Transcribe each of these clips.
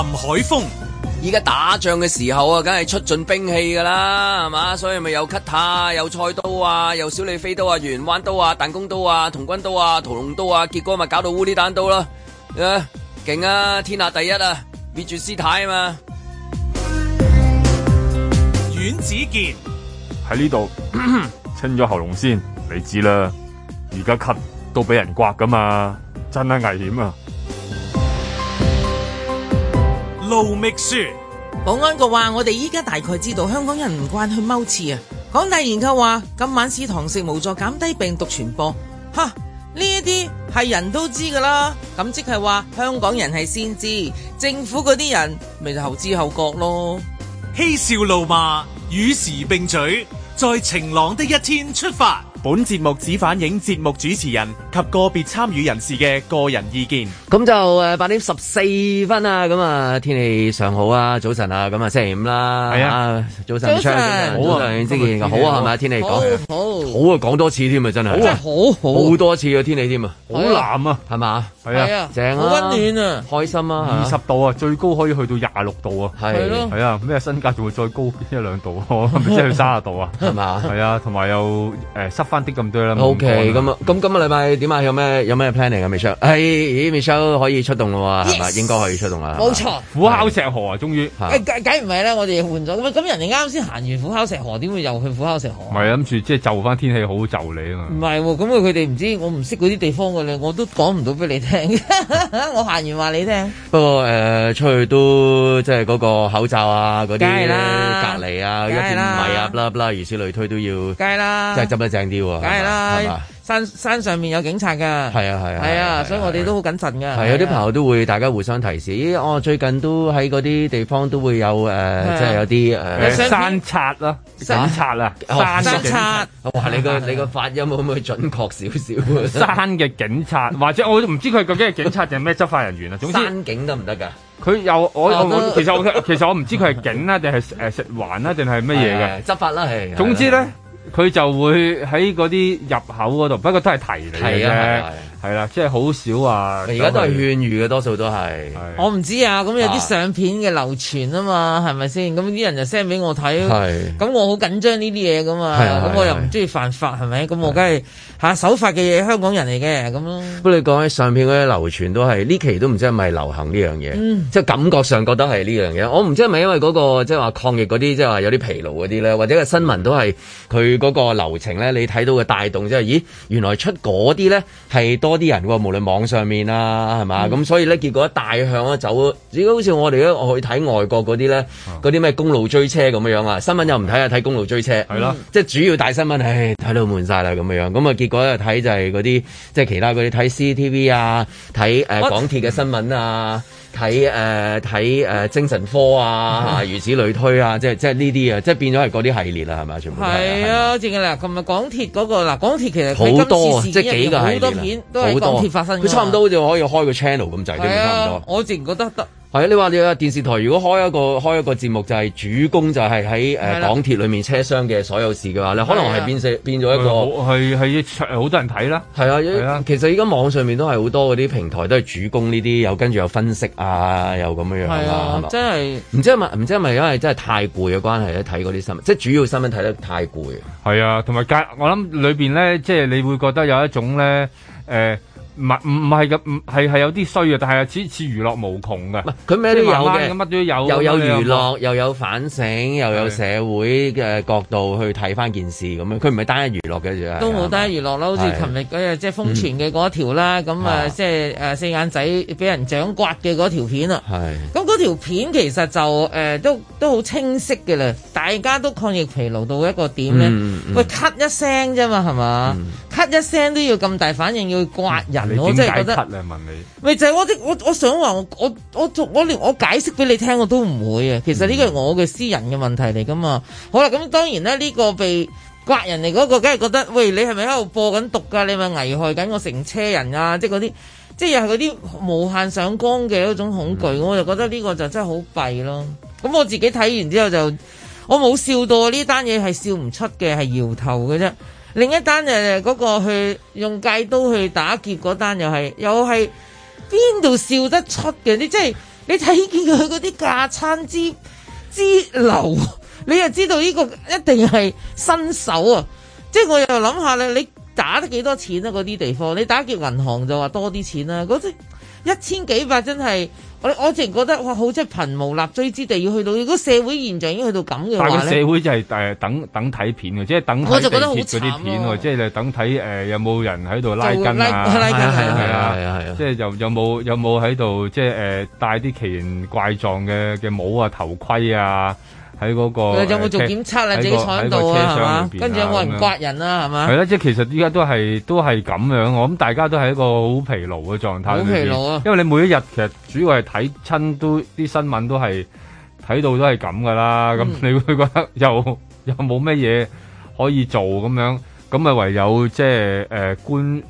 林海峰，而家打仗嘅時候啊，梗係出盡兵器噶啦，係嘛？所以咪有吉他、有菜刀啊，有小李飛刀啊，圓彎刀啊，彈弓刀啊，同軍刀啊，屠龍刀啊，結果咪搞到烏里單刀咯。誒、呃，勁啊，天下第一啊，滅絕師太啊嘛。阮子健喺呢度清咗喉嚨先，你知啦，而家咳都俾人刮噶嘛，真係危險啊！盧覓雪，保安局話，我哋依家大概知道香港人唔慣去踎廁啊。港大研究話，禁晚市堂食無助減低病毒傳播。吓，呢一啲係人都知㗎啦，咁即係話香港人係先知，政府嗰啲人咪就後知後覺咯。嬉笑怒罵，與時並舉，在晴朗的一天出發。本節目只反映節目主持人及個別參與人士嘅個人意見。咁就誒八點十四分啊，咁啊天氣尚好啊，早晨啊，咁啊星期五啦，係啊，早晨，早晨，好啊，天氣好啊，係咪天氣講好，好啊，講多次添啊，真係好好好多次啊，天氣添啊，好藍啊，係嘛？係啊，正啊，好溫暖啊，開心啊，二十度啊，最高可以去到廿六度啊，係咯，係啊，咩新界仲會再高一兩度，咪即係三十度啊，係嘛？係啊，同埋有。誒翻啲咁多啦。O K，咁啊，咁今個禮拜點啊？有咩有咩 planning 啊？Michelle，係 Michelle 可以出動啦？係嘛？應該可以出動啦。冇錯，虎吼石河啊，終於。誒，計計唔係啦，我哋換咗咁，人哋啱先行完虎吼石河，點會又去虎吼石河？唔咪諗住即係就翻天氣好就你啊嘛。唔係，咁啊，佢哋唔知，我唔識嗰啲地方嘅啦，我都講唔到俾你聽。我行完話你聽。不過誒，出去都即係嗰個口罩啊，嗰啲隔離啊，一點五米啊，啦啦，如此類推都要。梗係啦。即係執得正啲。梗係啦，山，山上面有警察噶係啊係啊，係啊，所以我哋都好謹慎噶係有啲朋友都會，大家互相提示。我最近都喺嗰啲地方都會有誒，即係有啲誒山察啊，山察啊，山察。哇！你個你個發音，可唔可以準確少少？山嘅警察，或者我唔知佢究竟係警察定咩執法人員啊？總之山警得唔得噶？佢又，我其實，我其實我唔知佢係警啊，定係誒食環啊，定係乜嘢嘅執法啦？係總之咧。佢就會喺嗰啲入口嗰度，不過都係提你啫。係啦，即係好少話，而家都係勸喻嘅，多數都係。我唔知啊，咁有啲相片嘅流傳啊嘛，係咪先？咁啲人就 send 俾我睇，咁我好緊張呢啲嘢噶嘛，咁我又唔中意犯法，係咪？咁我梗係吓守法嘅嘢，香港人嚟嘅咁。不過你講起相片嗰啲流傳都係呢期都唔知係咪流行呢樣嘢，即係感覺上覺得係呢樣嘢。我唔知係咪因為嗰個即係話抗疫嗰啲，即係話有啲疲勞嗰啲咧，或者個新聞都係佢嗰個流程咧，你睇到嘅帶動即係，咦，原來出嗰啲咧係。多啲人喎，無論網上面、啊、啦，係嘛咁，嗯、所以咧結果一大向咧走，如果好似我哋咧去睇外國嗰啲咧，嗰啲咩公路追車咁樣啊，新聞又唔睇啊，睇、嗯、公路追車，係咯，即係主要大新聞，唉睇到悶晒啦咁嘅樣，咁啊結果又睇就係嗰啲即係其他嗰啲睇 CCTV 啊，睇誒港鐵嘅新聞啊。啊嗯嗯睇誒，睇誒、呃呃、精神科啊，啊，如此類推啊，即，即，即係即係呢啲啊，吧那個、即係變咗係嗰啲系列啦，係咪啊？全部係啊！正最近嗱，琴日港鐵嗰個嗱，港鐵其實好多即係幾個系列，好多片都係港鐵發生。佢差唔多好似可以開個 channel 咁滯，都差唔多。啊、多我自然覺得得。誒，你話你啊，電視台如果開一個開一個節目就就，就係主攻就係喺誒港鐵裏面車廂嘅所有事嘅話咧，可能係變，啊，變成變咗一個，係係好多人睇啦。係啊，啊其實而家網上面都係好多嗰啲平台都係主攻呢啲，又跟住有分析啊，又咁樣樣啦。係啊，真係唔知係咪唔知係咪因為真係太攰嘅關係咧，睇嗰啲新聞，即係主要新聞睇得太攰。係啊，同埋我諗裏邊咧，即係你會覺得有一種咧，誒。唔係唔唔係嘅，唔係係有啲衰啊！但係啊，似似娛樂無窮嘅，佢咩都有嘅，乜都有。又有娛樂，又有反省，又有社會嘅角度去睇翻件事咁樣。佢唔係單一娛樂嘅，啫都冇單一娛樂啦。好似琴日嗰日即係瘋傳嘅嗰條啦，咁啊即係誒四眼仔俾人掌摑嘅嗰條片啊。係。條片其實就誒、呃，都都好清晰嘅啦。大家都抗疫疲勞到一個點咧，嗯嗯、喂，咳一聲啫嘛，係嘛？嗯、咳一聲都要咁大反應，要刮人，我真係覺得。問你？咪、嗯、就係、是、我我我想話我我我連我，我，我解釋俾你聽，我都唔會啊。其實呢個係我嘅私人嘅問題嚟噶嘛。嗯、好啦，咁當然咧，呢、呢個被刮人嚟嗰個，梗係覺得喂，你係咪喺度播緊毒噶、啊？你咪危害緊我成車人啊！即係嗰啲。即係又係嗰啲無限上綱嘅一種恐懼，我就覺得呢個就真係好弊咯。咁我自己睇完之後就，我冇笑到啊！呢單嘢係笑唔出嘅，係搖頭嘅啫。另一單誒嗰個去用戒刀去打劫嗰單又係，又係邊度笑得出嘅？你即係你睇見佢嗰啲架撐之之流，你又知道呢個一定係新手啊！即係我又諗下咧，你。打得幾多錢啊？嗰啲地方你打劫銀行就話多啲錢啦，啊。嗰啲一千幾百真係我我淨覺得哇好即係貧無立錐之地要去到。如果社會現象已經去到咁嘅話，但係社會就係誒等等睇片嘅，即係等地鐵嗰啲片喎，即係等睇誒有冇人喺度拉筋啊，係啊係啊係啊，即係有有冇有冇喺度即係誒戴啲奇形怪狀嘅嘅帽啊頭盔啊。啊。喺嗰個，有冇做檢測啊？自己坐喺度啊，係嘛？跟住有冇人刮人啦，係嘛？係啦，即係其實依家都係都係咁樣，我諗大家都係一個好疲勞嘅狀態。好疲勞啊！因為你每一日其實主要係睇親都啲新聞都係睇到都係咁㗎啦，咁你會覺得又又冇咩嘢可以做咁樣，咁咪唯有即係誒觀。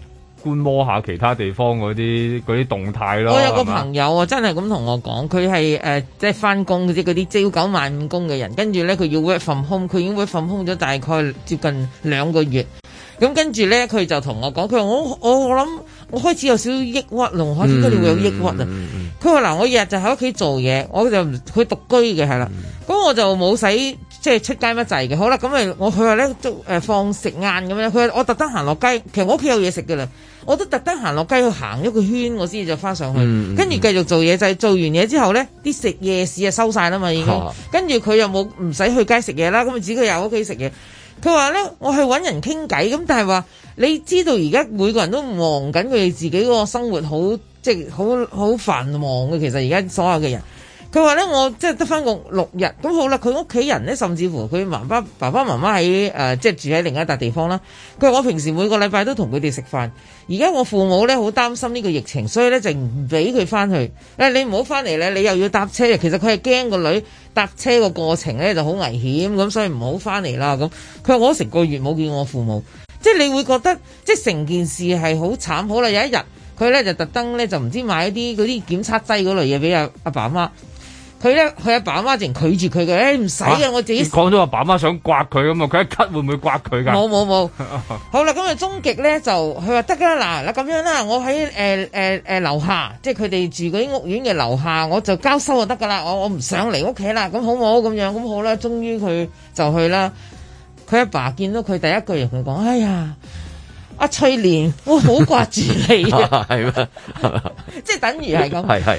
觀摩下其他地方嗰啲嗰啲動態咯。我有個朋友啊，吧真係咁同我講，佢係誒即係翻工嗰啲嗰啲朝九晚五工嘅人，跟住咧佢要 work from home，佢已經會 work from home 咗大概接近兩個月。咁跟住咧，佢就同我講，佢話我我諗我開始有少少抑鬱咯。嚇，點解你會有抑鬱啊？佢話嗱，我日日就喺屋企做嘢，我就佢獨居嘅係啦，咁、mm hmm。我就冇使。即係出街乜滯嘅。好啦，咁咪我佢話咧都誒放食晏咁樣，佢話我特登行落街，其實我屋企有嘢食噶啦，我都特登行落街去行一個圈，我先至就翻上去嗯、跟住繼續做嘢就係、是、做完嘢之後咧，啲食夜市啊收晒啦嘛，已經，啊、跟住佢又冇唔使去街食嘢啦，咁啊只佢又喺屋企食嘢，佢話咧我去搵人傾偈，咁但係話你知道而家每個人都忙緊佢哋自己嗰個生活好即係好好繁忙嘅，其實而家所有嘅人。佢話咧，我即係得翻個六日，咁好啦。佢屋企人咧，甚至乎佢爸爸爸爸媽媽喺誒，即、呃、係住喺另一笪地方啦。佢話我平時每個禮拜都同佢哋食飯，而家我父母咧好擔心呢個疫情，所以咧就唔俾佢翻去。誒，你唔好翻嚟咧，你又要搭車。其實佢係驚個女搭車個過程咧就好危險，咁所以唔好翻嚟啦。咁佢話我成個月冇見我父母，即係你會覺得即係成件事係好慘。好啦，有一日佢咧就特登咧就唔知買一啲嗰啲檢測劑嗰類嘢俾阿阿爸媽。佢咧，佢阿爸阿媽淨拒絕佢嘅。誒，唔使嘅，我自己。你講咗阿爸阿媽想刮佢咁嘛，佢一咳會唔會刮佢噶？冇冇冇。好啦，咁啊，終極咧就佢話得噶啦，嗱嗱咁樣啦，我喺誒誒誒樓下，即係佢哋住嗰啲屋苑嘅樓下，我就交收就得噶啦，我我唔想嚟屋企啦，咁好冇咁樣，咁好啦，終於佢就去啦。佢阿爸見到佢第一句同佢講，哎呀，阿翠蓮，我好掛住你啊！係咩？即係等於係咁。係係。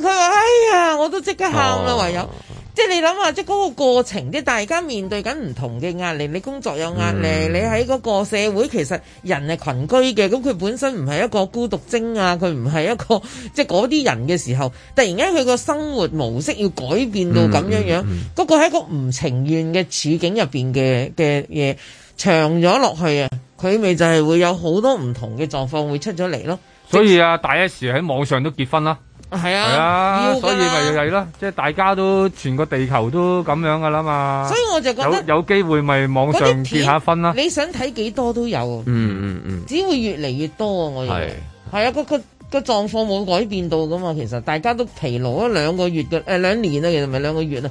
佢話哎呀，我都即刻喊啦，唯、哦、有即係你諗下，即係嗰個過程，即係大家面對緊唔同嘅壓力。你工作有壓力，嗯、你喺嗰個社會，其實人係群居嘅，咁佢本身唔係一個孤獨精啊，佢唔係一個即係嗰啲人嘅時候，突然間佢個生活模式要改變到咁樣樣，嗰、嗯嗯嗯、個係一個唔情願嘅處境入邊嘅嘅嘢長咗落去啊，佢咪就係會有好多唔同嘅狀況會出咗嚟咯。所以啊，大 S 喺網上都結婚啦。係啊，所以咪係咯，即係大家都全個地球都咁樣噶啦嘛。所以我就覺得有有機會咪網上結下婚啦。你想睇幾多都有。嗯嗯嗯。嗯嗯只會越嚟越多啊！我係係是啊，個個個狀況冇改變到噶嘛。其實大家都疲勞咗兩個月嘅，誒、哎，兩年啦，其實唔係兩個月啊，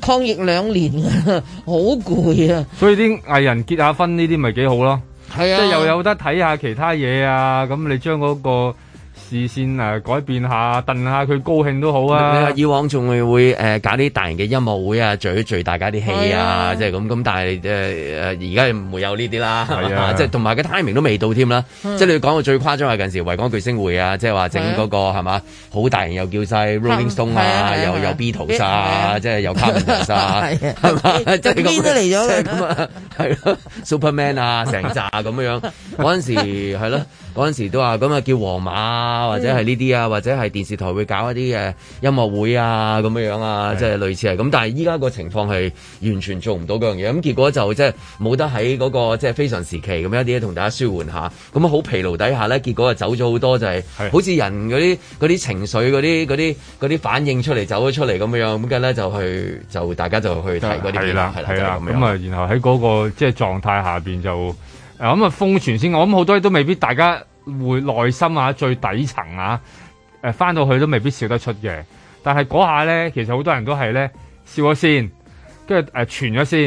抗疫兩年 啊，好攰啊。所以啲藝人結下婚呢啲咪幾好咯，啊，啊、即係又有得睇下其他嘢啊。咁你將嗰、那個。視線啊，改變下，燉下佢高興都好啊！以往仲會會誒搞啲大型嘅音樂會啊，聚一聚大家啲戲啊，即係咁。咁但係誒誒，而家唔會有呢啲啦，即係同埋個 timing 都未到添啦。即係你講到最誇張啊，近時維港巨星會啊，即係話整嗰個係嘛，好大型又叫晒 Rolling Stone 啊，又有 B 土沙，即係有卡門沙，係嘛，即係邊都嚟咗啦咁啊！係咯，Superman 啊，成紮咁樣嗰陣時係咯。嗰陣時都話咁啊，叫皇馬啊，或者係呢啲啊，或者係電視台會搞一啲嘅音樂會啊，咁樣樣啊，即係是的 類似係咁。但係依家個情況係完全做唔到嗰樣嘢，咁結果就即係冇得喺嗰個即係非常時期咁一啲同大家舒緩下，咁好疲勞底下咧，結果就走咗、就是、好多就係，好似人嗰啲啲情緒嗰啲啲啲反應出嚟走咗出嚟咁樣，咁跟咧就去就大家就去睇嗰啲係啦係啦咁啊，然後喺嗰、那個即係、就是、狀態下邊就。咁啊，封存先，我諗好多嘢都未必大家會內心啊，最底層啊，誒、呃、翻到去都未必笑得出嘅。但係嗰下咧，其實好多人都係咧笑咗先，跟住誒傳咗先，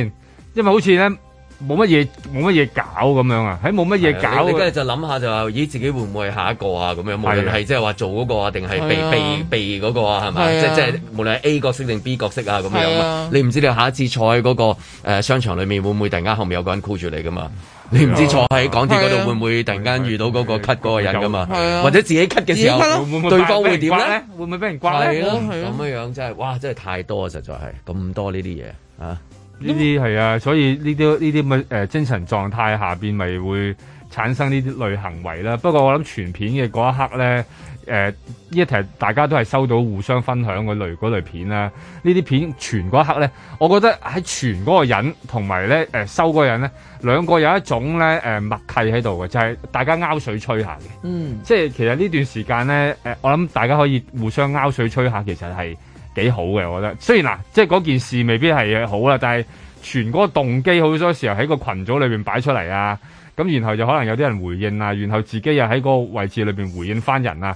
因為好似咧冇乜嘢冇乜嘢搞咁樣啊，喺冇乜嘢搞，你跟住就諗下就話，咦自己會唔會係下一個啊？咁樣無論係即係話做嗰個啊，定係被被被嗰個啊，係咪？啊、即即無論係 A 角色定 B 角色啊，咁樣啊，啊你唔知你下一次坐喺嗰個誒商場裡面會唔會突然間後面有個人箍住你噶、啊、嘛？你唔知坐喺港鐵嗰度會唔會突然間遇到嗰個 cut 嗰個人噶嘛？係啊，或者自己 cut 嘅時候，對方會點咧？會唔會俾人掛咧？咯、啊，咁樣樣真係，哇！真係太多啊，實在係咁多呢啲嘢啊！呢啲係啊，所以呢啲呢啲咁嘅誒精神狀態下邊咪會產生呢啲類行為啦。不過我諗全片嘅嗰一刻咧。誒，呢、呃、一題大家都係收到互相分享嗰類嗰類片啦、啊，片呢啲片傳嗰刻咧，我覺得喺傳嗰個人同埋咧誒收嗰人咧，兩個有一種咧誒、呃、默契喺度嘅，就係、是、大家勾水吹下嘅。嗯，即係其實呢段時間咧，誒我諗大家可以互相勾水吹下，其實係幾好嘅。我覺得雖然嗱、啊，即係嗰件事未必係好啦，但係傳嗰個動機好多時候喺個群組裏邊擺出嚟啊。咁然後就可能有啲人回應啊，然後自己又喺個位置裏邊回應翻人啊。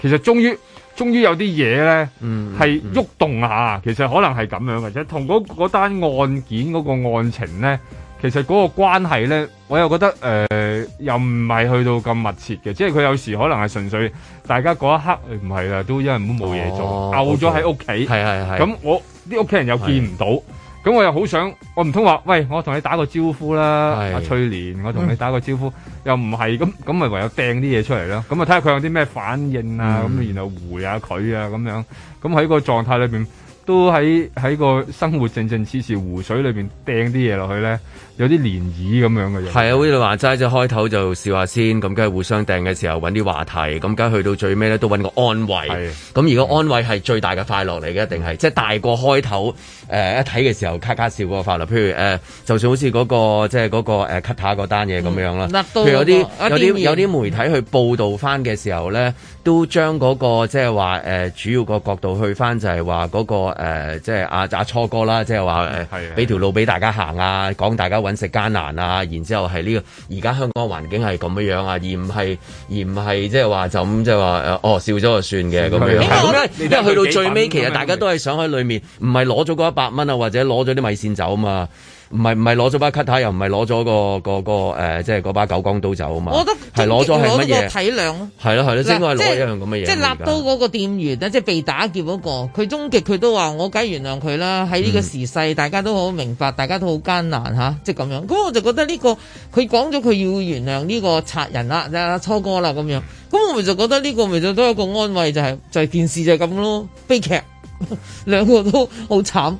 其實終於終於有啲嘢咧，係喐、嗯、動、動下。其實可能係咁樣嘅啫，或者同嗰、那個、單案件嗰個案情咧，其實嗰個關係咧，我又覺得誒、呃、又唔係去到咁密切嘅，即係佢有時可能係純粹大家嗰一刻唔係、哎、啦，都因為冇冇嘢做，吽咗喺屋企。係係係。咁、哦、我啲屋企人又見唔到。 咁我又好想，我唔通話喂，我同你打個招呼啦，阿的、啊、翠蓮，我同你打個招呼，嗯、又唔係咁，咁咪唯有掟啲嘢出嚟囉，咁啊睇下佢有啲咩反應啊，咁然後回下、啊、佢啊，咁樣，咁喺個狀態裏邊，都喺喺個生活靜靜黐黐湖水裏邊掟啲嘢落去咧。有啲漣漪咁樣嘅嘢，係啊，好似你話齋就開頭就笑下先，咁梗係互相訂嘅時候揾啲話題，咁梗係去到最尾咧都揾個安慰。係，咁如果安慰係最大嘅快樂嚟嘅，一定係，即係大過開頭誒一睇嘅時候咔咔笑個快樂，譬如誒、呃、就算好似嗰、嗰個即係嗰個誒吉他嗰單嘢咁樣啦，譬、嗯、如有啲有啲有啲媒體去報道翻嘅時候咧，都將嗰、嗰個即係話誒主要個角度去翻就係話嗰個誒即係阿阿初哥啦，即係係話俾條路俾大家行啊，講大家食艱難啊，然之後係呢個而家香港環境係咁樣樣啊，而唔係而唔係即係話就咁即係話哦笑咗就算嘅，咁樣，因為去到最尾，其實大家都係想喺裏面，唔係攞咗嗰一百蚊啊，或者攞咗啲米線走嘛。唔係唔係攞咗把吉 u 又唔係攞咗個個個、呃、即係嗰把九江刀走啊嘛！我覺得係攞咗係乜嘢體諒咯？係咯，係咯，啊啊、應即係攞一樣咁嘅嘢。即係拿刀嗰個店員咧，即係被打劫嗰、那個，佢終極佢都話：我梗係原諒佢啦。喺呢個時勢，大家都好明白，嗯、大家都好艱難嚇、啊，即係咁樣。咁我就覺得呢、這個佢講咗佢要原諒呢個賊人啦，啊初哥啦咁樣。咁我咪就覺得呢個咪就都一個安慰，就係、是、就是、件事就係咁咯，悲劇 兩個都好慘。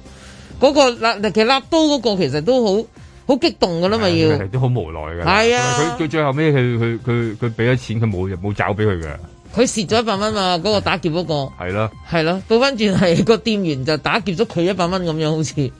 嗰個嗱嗱，其實拿刀嗰個其實都好好激動噶啦，嘛，要都好無奈噶。係啊，佢到最後尾，佢佢佢佢俾咗錢，佢冇冇找俾佢嘅。佢蝕咗一百蚊嘛，嗰個打劫嗰個係咯，係咯，倒翻轉係個店員就打劫咗佢一百蚊咁樣，好似。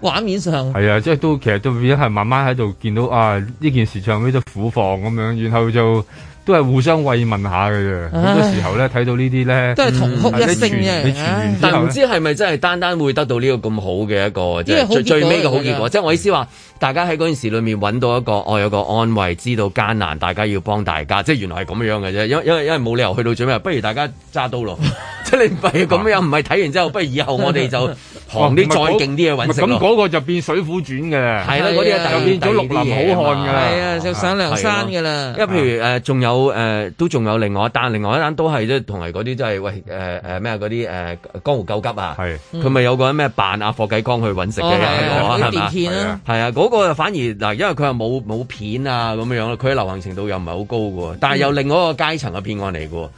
畫面上係啊，即係都其實都已經係慢慢喺度見到啊，呢件事上尾都苦況咁樣，然後就都係互相慰問下嘅啫。好多時候咧睇到呢啲咧都係同哭一聲嘅，但唔知係咪真係單單會得到呢個咁好嘅一個即係最最尾嘅好結果，即係我意思話，大家喺嗰件事裏面揾到一個，我有個安慰，知道艱難，大家要幫大家，即係原來係咁樣嘅啫。因為因為因為冇理由去到最尾，不如大家揸刀咯。即你唔係咁樣，唔係睇完之後，不如以後我哋就行啲再勁啲嘅揾食。咁嗰個就變《水滸傳》嘅，係啦，嗰啲又變咗綠林好漢嘅，係啊，就上梁山嘅啦。因為譬如誒，仲有誒，都仲有另外一單，另外一單都係即係同埋嗰啲即係喂誒誒咩嗰啲誒江湖救急啊。係，佢咪有個咩扮阿霍繼光去揾食嘅人係嘛？啊，嗰個就反而嗱，因為佢又冇冇片啊咁樣咯，佢流行程度又唔係好高嘅，但係又另外一個階層嘅騙案嚟嘅。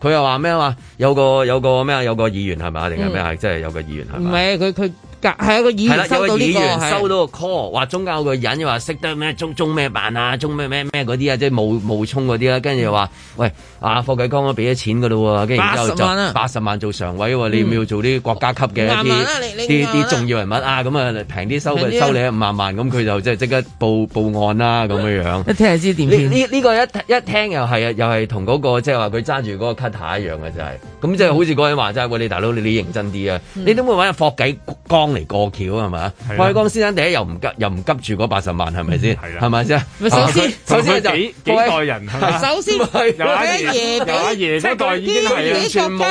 佢又話咩話有個有。個咩啊？有個議員係咪啊？定係咩啊？嗯、即係有個議員係咪啊？唔係啊！佢佢。係、啊、一個議員收到呢、這個，個議員收到個 call，話、啊、中間有個人又話識得咩中中咩辦啊，中咩咩咩嗰啲啊，即係冒冒充嗰啲啦。跟住又話喂，阿、啊、霍啟剛都俾咗錢噶啦喎，跟住然之後就八十萬、啊嗯、做常委，你要唔要做啲國家級嘅一啲啲重要人物啊？咁啊平啲收收你五萬萬，咁佢就即係即刻報報案啦、啊，咁樣樣、 這個。一聽知點先？呢呢、那個，個一一聽又係啊，又係同嗰個即係話佢揸住嗰個 cutter 一樣嘅就係，咁即係好似嗰人話齋喂，你大佬，你你認真啲啊，嗯、你點會搵阿霍啟剛？嚟過橋啊嘛，霍啟剛先生第一又唔急又唔急住嗰八十萬係咪先？係咪先？首先首先就幾代人係咪？首先有阿爺有阿爺，不過已經完全冇，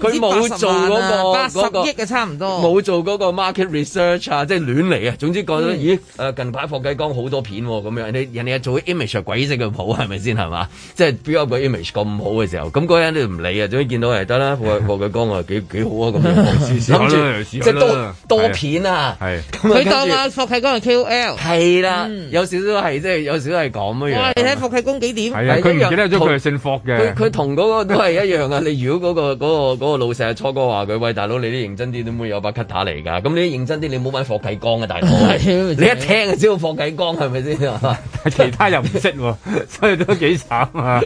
佢冇做嗰個嗰個，十億嘅差唔多，冇做嗰個 market research 啊，即係亂嚟啊。總之覺得咦誒，近排霍啟剛好多片咁樣，你人哋做 image 鬼死咁好，係咪先係嘛？即係比較個 image 咁好嘅時候，咁嗰人都唔理啊。總之見到係得啦，霍霍啟剛啊幾幾好啊咁樣，先先諗即係片啊，佢當阿霍啟剛係 QL 係啦，有少少係即係有少少係咁嘅樣。你睇霍啟剛幾點？佢記得咗佢係姓霍嘅。佢同嗰個都係一樣啊！你如果嗰個嗰個嗰個老細初哥話佢：喂，大佬你啲認真啲都冇有把吉他嚟㗎？咁你認真啲，你冇揾霍啟光啊，大哥。你一聽就知道霍啟光係咪先？其他又唔識喎，所以都幾慘啊！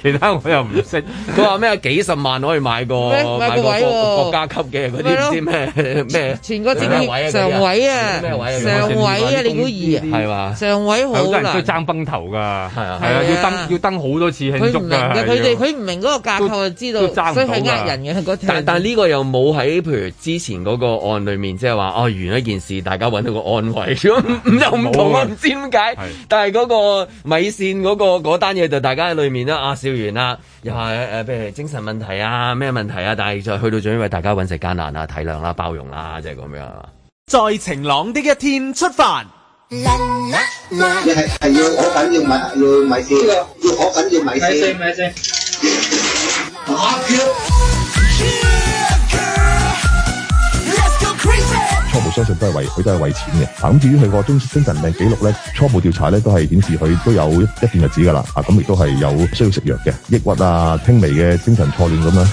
其他我又唔識。佢話咩？幾十萬可以買個買個國家級嘅嗰啲唔知咩咩。全個節目上位啊，上位啊，你估二啊？係上位好啦。真爭崩頭㗎，係啊，係啊，要登要登好多次慶祝啊！佢唔明嘅，佢哋佢唔明嗰個架構就知道，所以係呃人嘅嗰但但呢個又冇喺譬如之前嗰個案裡面，即係話哦完一件事，大家揾到個安慰。如又唔同，我唔知點解。但係嗰個米線嗰個單嘢就大家喺裡面啦，啊笑完啦。又係誒，譬如精神問題啊，咩問題啊，但係再去到最尾，大家揾食艱難啊，體諒啦，包容啦，即係咁樣。在晴朗的一天出發。你係要可緊要買要米線？要可緊要米線？米線，米線。初步相信是都係為佢都係為錢嘅。至於佢個精神病記錄初步調查都係顯示佢都有一一段日子噶啦，啊咁亦、啊、都係有需要食藥嘅，抑鬱啊、輕微嘅精神錯亂咁啊。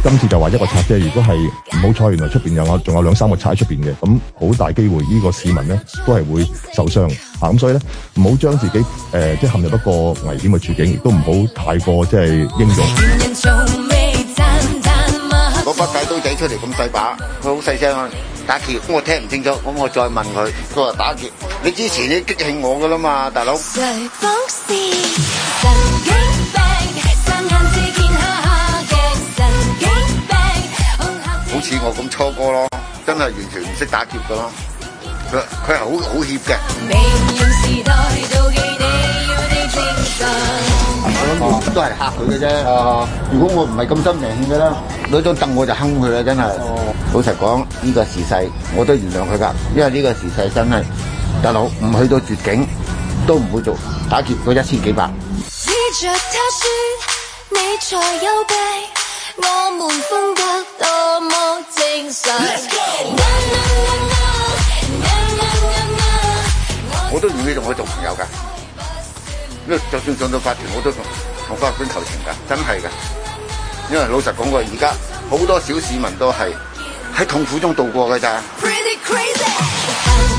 今次就話一個賊車，如果係唔好彩，原來出邊有啊，仲有兩三個賊喺出邊嘅，咁、啊、好、嗯、大機會呢個市民咧都係會受傷。咁所以咧，唔好將自己誒即係陷入一個危險嘅處境，亦都唔好太過即係英勇。攞把界刀仔出嚟咁細把，佢好細聲啊！打劫，我聽唔清楚，咁我再問佢，佢話打劫。你之前你激氣我㗎啦嘛，大佬。好似我咁初哥咯，真係完全唔識打劫㗎咯。佢佢係好好怯嘅。我諗住都係嚇佢嘅啫。如果我唔係咁心平氣啦，攞張凳我就坑佢啦。真係，老實講，呢個時勢我都原諒佢噶，因為呢個時勢真係，大佬唔去到絕境都唔會做打劫嗰一千幾百。我都願意同佢做朋友噶因就算上到法庭，我都同同法官求情噶，真係噶。因為老實講，我而家好多小市民都係喺痛苦中度過噶咋。Pretty crazy.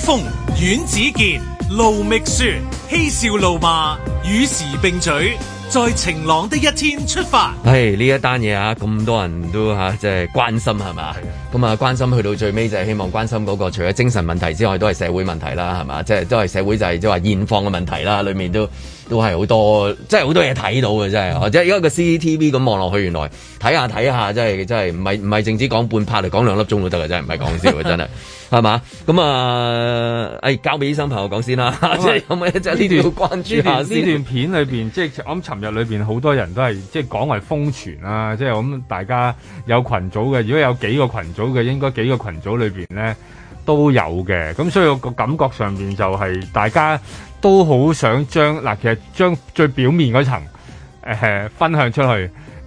風阮子健盧覓雪嬉笑怒罵與時並舉，在晴朗的一天出發。係呢一單嘢啊，咁多人都吓，即、啊、係關心係嘛。咁啊，關心去到最尾就係希望關心嗰個，除咗精神問題之外，都係社會問題啦，係嘛？即、就、係、是、都係社會就係即係話現況嘅問題啦。裏面都都係好多，即係好多嘢睇到嘅，真係或者一個 CCTV 咁望落去，原來睇下睇下，真係真係唔係唔係淨止講半拍嚟講兩粒鐘都得嘅，真係唔係講笑嘅，真係係嘛？咁啊， 誒、呃哎、交俾醫生朋友講先啦。即係咁咧，即係呢段要關注下，呢段，段片裏邊 即係我諗尋日裏邊好多人都係即係講為瘋傳啊！即係咁，我諗大家有群組嘅，如果有幾個群組。嘅應該幾個群組裏邊呢都有嘅，咁所以我個感覺上面就係大家都好想將嗱，其實將最表面嗰層誒分享出去，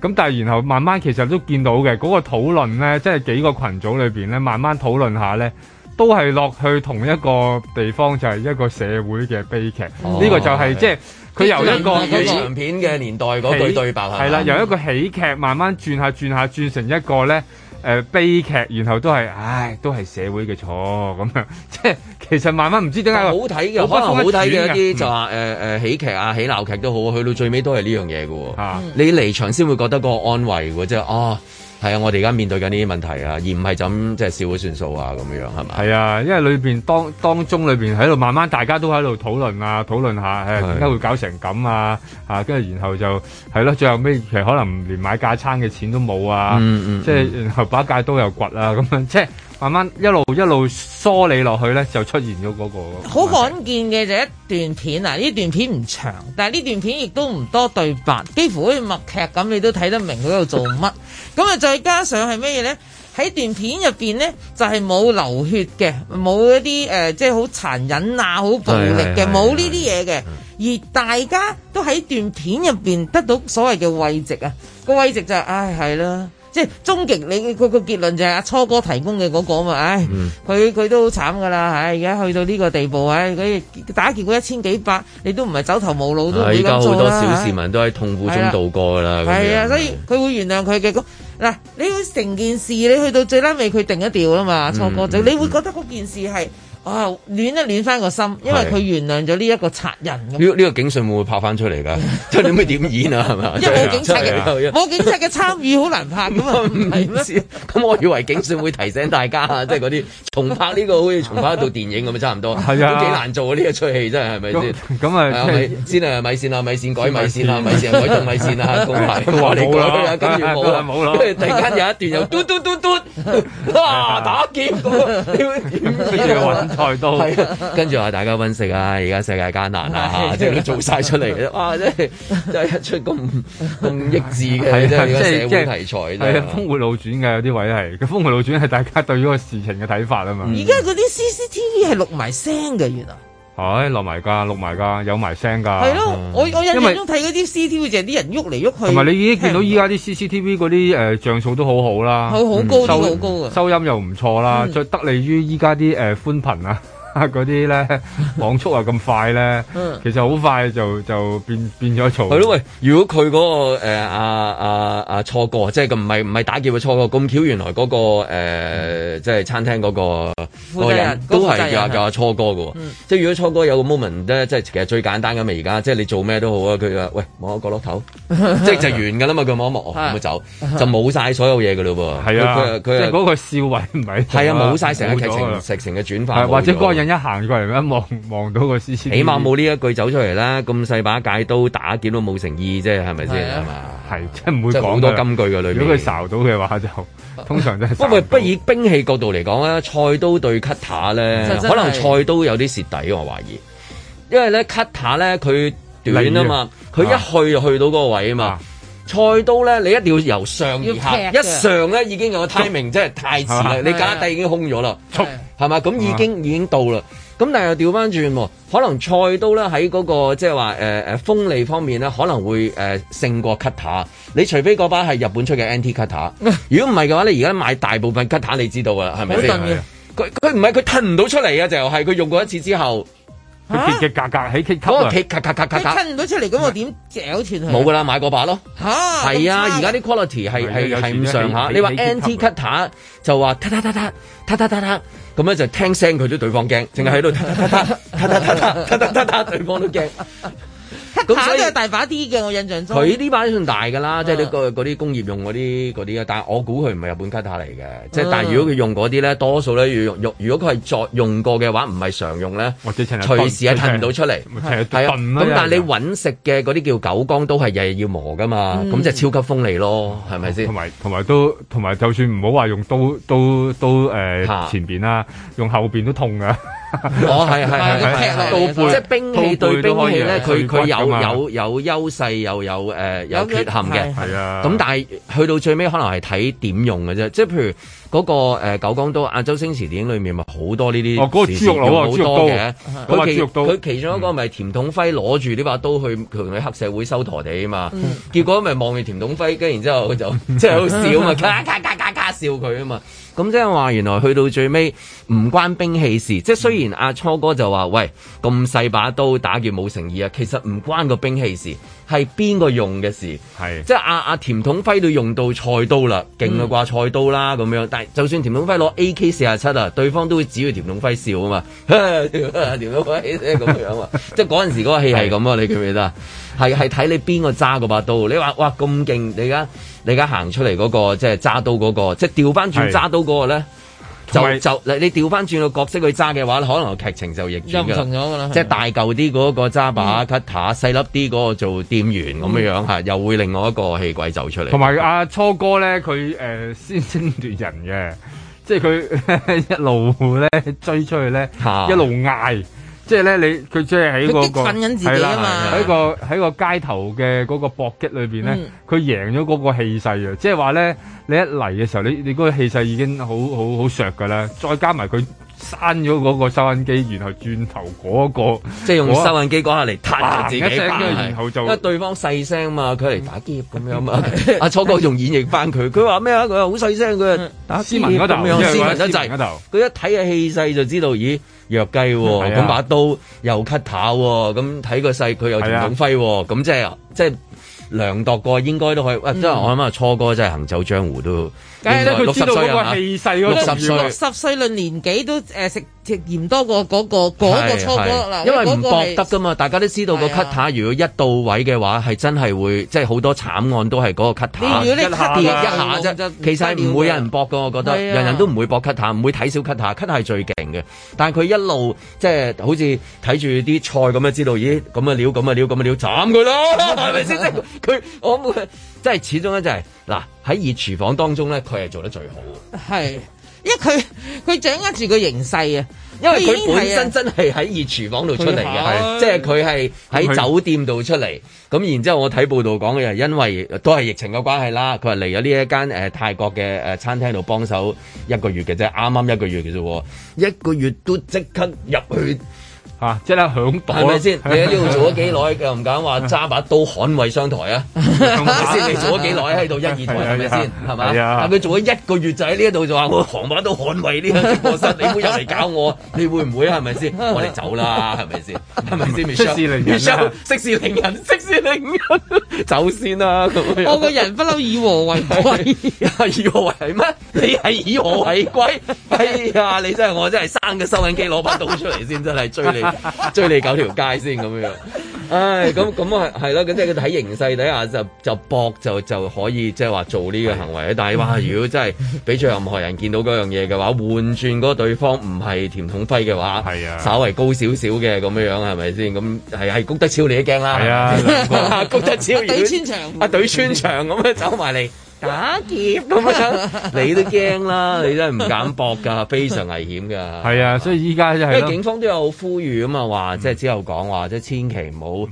咁但係然後慢慢其實都見到嘅嗰個討論呢，即係幾個群組裏邊呢，慢慢討論下呢，都係落去同一個地方，就係一個社會嘅悲劇。哦，呢個就係即係佢由一個長片嘅年代嗰句對白係啦，由一個喜劇慢慢轉下轉下轉，轉，轉成一個呢。誒、呃、悲劇，然後都係，唉，都係社會嘅錯咁樣。即係其實慢慢唔知點解，好睇嘅，可能好睇嘅啲就話誒誒喜劇啊、喜鬧劇都好，去到最尾都係呢樣嘢嘅喎。啊、你離場先會覺得個安慰喎，即係哦。啊係啊，我哋而家面對緊呢啲問題啊，而唔係就咁即係笑咗算數啊，咁樣樣係嘛？係啊，因為裡邊當當中裡邊喺度慢慢，大家都喺度討論啊，討論下誒點解會搞成咁啊？嚇、啊，跟住然後就係咯、啊，最後尾其實可能連買架撐嘅錢都冇啊，即係、嗯嗯嗯、然後把架刀又掘啊，咁樣即係。慢慢一路一路梳理落去咧，就出現咗嗰個蜜蜜。好罕見嘅就一段片啊！呢段片唔長，但係呢段片亦都唔多對白，幾乎好似默劇咁，你都睇得明佢喺度做乜。咁啊，再加上係咩嘢咧？喺段片入邊咧，就係、是、冇流血嘅，冇一啲誒、呃，即係好殘忍啊，好暴力嘅，冇呢啲嘢嘅。是是是是而大家都喺段片入邊得到所謂嘅慰藉啊！個慰藉就係、是、唉，係啦。終極你佢個結論就係阿初哥提供嘅嗰、那個啊嘛，唉、哎，佢佢、嗯、都好慘噶啦，唉、哎，而家去到呢個地步，唉、哎，佢打劫過一千幾百，你都唔係走投無路都唔會咁做，依家好多小市民都喺痛苦中度過噶啦。係、哎、人啊，啊所以佢會原諒佢嘅嗱，啊、你要成件事，你去到最屘尾佢定一調啊嘛，初哥、嗯嗯、就你會覺得嗰件事係。啊！暖一暖翻個心，因為佢原諒咗呢一個賊人。呢呢個警訊會唔會拍翻出嚟噶，即係你咩點演啊？係嘛？因為冇警察嘅冇警察嘅參與好難拍噶嘛。唔係咁，我以為警訊會提醒大家啊，即係嗰啲重拍呢個好似重拍一套電影咁啊，差唔多。係啊，都幾難做啊，呢一出戲真係係咪先？咁啊，先啊米線啊米線改米線啊米線改同米線啊，咁啊冇啦，跟住冇啦，冇啦，跟住突然間有一段又嘟嘟嘟嘟啊打劍台度， 跟住話大家揾食啊！而家世界艱難啊，即係 都做晒出嚟嘅，哇、啊！真係真係一出咁咁益智嘅，即係即係即係題材。係啊，峰回路轉嘅，有啲位係。佢峰回路轉係大家對依個事情嘅睇法啊嘛。而家嗰啲 CCTV 係錄埋聲嘅，原來。唉，落埋㗎，錄埋㗎，有埋聲㗎。係咯的、嗯，我我印象中睇嗰啲 CTV 淨係啲人喐嚟喐去。同埋你已經見到依家啲 CCTV 嗰啲誒、呃、像素都好好啦，佢好高好、嗯、收高嘅。收音又唔錯啦，嗯、再得利於依家啲誒寬頻啊。嗰啲咧網速又咁快咧，其實好快就就變變咗嘈。係咯，喂 如果佢、嗰個誒誒阿阿阿初哥，即係唔係唔係打劫嘅初哥咁巧，原來、嗰個誒、呃、即係餐廳嗰個個人都係叫阿叫阿初哥嘅。嗯、即係如果初哥有個 moment 咧，即係其實最簡單嘅咪而家，即係你做咩都好啊。佢話喂，望一個角落頭，即係就完嘅啦嘛。佢望一望，哦咁啊走，就冇晒所有嘢嘅嘞噃。係啊，佢佢，即係嗰個笑位唔係，係啊，冇晒成個劇情食成嘅轉化，或者嗰個人。一行過嚟，一望望到個獅子，起碼冇呢一句走出嚟啦。咁細把戒刀打劫都冇誠意啫，係咪先？係嘛吧？係吧，即係唔會講多金句嘅裏面。如果佢鏟到嘅話，就通常都係不過，不以兵器角度嚟講咧，菜刀對 cutter 咧，可能菜刀有啲蝕底，我懷疑，因為咧 cutter 咧佢短啊嘛，佢一去就去到嗰個位啊嘛。菜刀咧，你一定要由上而下，一上咧已經有個 timing，真係太遲啦！啊、你架底已經空咗啦，係嘛、啊？咁已經、啊、已經到啦。咁但係又調翻轉喎，可能菜刀咧喺嗰個即係話誒誒鋒利方面咧，可能會誒、呃、勝過 cutter。你除非嗰把係日本出嘅 NT cutter，如果唔係嘅話，你而家買大部分 cutter，你知道啊，係咪吧？好鈍嘅，佢佢唔係佢褪唔到出嚟啊！就係佢用過一次之後。佢切嘅價格喺佢級啊！嗰個劈咔咔咔咔吞唔到出嚟，咁我點好似佢冇噶啦，買個把咯。嚇！係啊，而家啲 quality 係係係唔上嚇。你話 NT cutter 就話咔咔咔咔咔咔咔咔咁樣，就聽聲佢都對方驚，淨係喺度咔咔咔咔咔咔咔對方都驚。咁所以係大把啲嘅，我印象中佢呢把都算大噶啦，啊、即係啲嗰啲工業用嗰啲嗰啲啊。但係我估佢唔係日本 cutter 嚟嘅，即係但係如果佢用嗰啲咧，多數咧要用用。如果佢係作用過嘅話，唔係常用咧，隨時係褪唔到出嚟，咁但係你揾食嘅嗰啲叫九江，都係日日要磨噶嘛，咁、嗯、就超級鋒利咯，係咪先？同埋同埋都同埋，就算唔好話用刀都刀誒前邊啦，呃啊、用後邊都痛啊！ 哦，係係係即係兵器對兵器咧，佢佢有有有優勢又有誒、呃、有缺陷嘅，係啊、嗯。咁、嗯嗯、但係去到最尾可能係睇點用嘅啫，即係譬如嗰、嗰個誒、呃、九江刀，阿周星馳電影裏面咪好多呢啲好多嘅。佢其中一個咪甜筒輝攞住呢把刀去同啲黑社會收陀地啊嘛，嗯、結果咪望住甜筒輝，跟住然之後就即係好笑嘛。 笑佢啊嘛，咁即係話原來去到最尾唔關兵器事，即係雖然阿、啊、初哥就話喂咁細把刀打住冇誠意啊，其實唔關個兵器事，係邊個用嘅事，係是即係阿阿甜筒輝都用到菜刀啦，勁啊掛菜刀啦咁樣，但係就算甜筒輝攞 A K 四廿七啊，對方都會指住甜筒輝笑啊嘛，田 甜筒甜筒輝即係咁樣啊，即係嗰陣時嗰個戲係咁啊，你記唔記得啊？係係睇你邊個揸嗰把刀，你話哇咁勁你而家。你而家行出嚟嗰個即係揸刀嗰個，即係調翻轉揸刀嗰、那個咧是，就就你你調翻轉個角色去揸嘅話可能劇情就逆轉咗，即係大嚿啲嗰個揸把 cutter 細粒啲嗰個做店員咁嘅、嗯、樣吓，又會另外一個器鬼走出嚟。同埋阿初哥咧，佢誒先聲奪人嘅，即係佢一路咧追出去咧，一路嗌。啊即係咧，你佢即係喺嗰個，係啦喺個喺個街頭嘅嗰個搏擊裏邊咧，佢贏咗嗰個氣勢啊！即係話咧，你一嚟嘅時候，你你嗰個氣勢已經好好好削噶啦，再加埋佢。刪咗嗰個收音機，然後轉頭嗰個，即係用收音機嗰下嚟突自己，因為對方細聲嘛，佢嚟打劫咁樣嘛。阿初哥仲演繹翻佢，佢話咩啊？佢話好細聲，佢打。斯文嗰頭，斯文得滯。佢一睇下氣勢就知道，咦，弱雞喎，咁把刀又 cut 喎，咁睇個勢，佢又仲咁揮喎，咁即係即係量度過，應該都可以。哇，真係我諗阿初哥真係行走江湖都。梗係佢知道嗰個氣勢，六十歲六十歲論年紀都誒食食鹽多過嗰個嗰個初哥啦，因為唔搏得噶嘛，大家都知道個 cutter 如果一到位嘅話，係真係會即係好多慘案都係嗰個 cutter。你如果 cut 掉一下啫，其實唔會有人搏噶，我覺得，人人都唔會搏 cutter，唔會睇小 cutter，cut 係最勁嘅。但係佢一路即係好似睇住啲菜咁樣，知道咦咁嘅料，咁嘅料，咁嘅料，斬佢咯，係咪先？佢我冇。即係始終咧就係嗱喺熱廚房當中咧佢係做得最好嘅，係，因為佢佢掌握住個形勢啊，因為佢本身真係喺熱廚房度出嚟嘅，即係佢係喺酒店度出嚟，咁然之後我睇報道講嘅，係因為都係疫情嘅關係啦，佢係嚟咗呢一間誒泰國嘅誒餐廳度幫手一個月嘅啫，啱啱一個月嘅啫，一個月都即刻入去。啊！即係響檔咯，係咪先？你喺呢度做咗幾耐？又唔敢話揸把刀捍衛商台啊？係咪先？你做咗幾耐喺度一二台？係咪先？係咪啊？係咪做咗一個月就喺呢度就話我扛把刀捍衛呢樣嘢？我你唔會又嚟搞我，你會唔會啊？係咪先？我哋走啦，係咪先？係咪先？息事寧人，息事寧人，息事寧人，走先啦。我個人不嬲以和為貴，以和為咩？你係以和為貴？哎呀！你真係我真係生個收音機攞把刀出嚟先，真係追你。 追你九條街先咁樣，唉，咁咁啊係咯，即係喺形勢底下就就搏就就可以即係話做呢個行為。但係哇，如果真係俾住任何人見到嗰樣嘢嘅話，換轉嗰個對方唔係甜筒輝嘅話，係啊的，稍為高少少嘅咁樣樣係咪先？咁係係谷德超你一驚啦，係啊，谷德超懟穿牆，阿懟穿牆咁樣走埋嚟。打劫咁啊！你都驚啦，你都係唔敢搏噶，非常危險噶。係啊，所以依家即係，因為警方都有呼籲啊嘛，話即係之後講話，即係千祈唔好。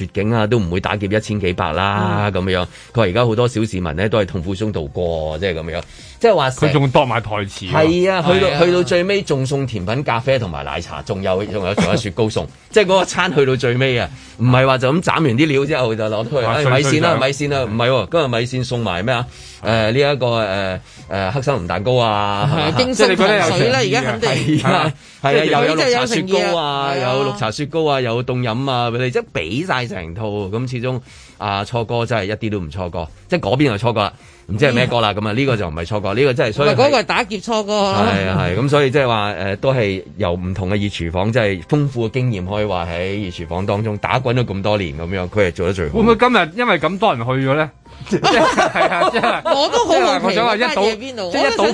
絕境啊，都唔會打劫一千幾百啦咁樣。佢話而家好多小市民呢，都係痛苦中度過，即係咁樣。即係話佢仲多埋台詞。係啊，去到去到最尾仲送甜品咖啡同埋奶茶，仲有仲有仲有雪糕送。即係嗰個餐去到最尾啊，唔係話就咁斬完啲料之後就攞出去，係咪？米線啦，米線啊，唔係，今日米線送埋咩啊？誒呢一個誒誒黑森林蛋糕啊，係你覺水啦，而家肯定。係啊，又有、啊、有綠茶雪糕啊，有綠茶雪糕啊，有凍飲啊，佢哋即係俾晒成套，咁、嗯、始終啊錯歌真係一啲都唔錯歌，即係嗰邊又錯歌啦，唔知係咩歌啦，咁啊呢個就唔係錯歌，呢、這個真係所以嗰個係打劫錯歌，係啊係，咁所以即係話誒都係由唔同嘅熱廚房，即、就、係、是、豐富嘅經驗可以話喺熱廚房當中打滾咗咁多年咁樣，佢係做得最好。會唔會今日因為咁多人去咗咧？係啊，真係我都好好奇，即係一賭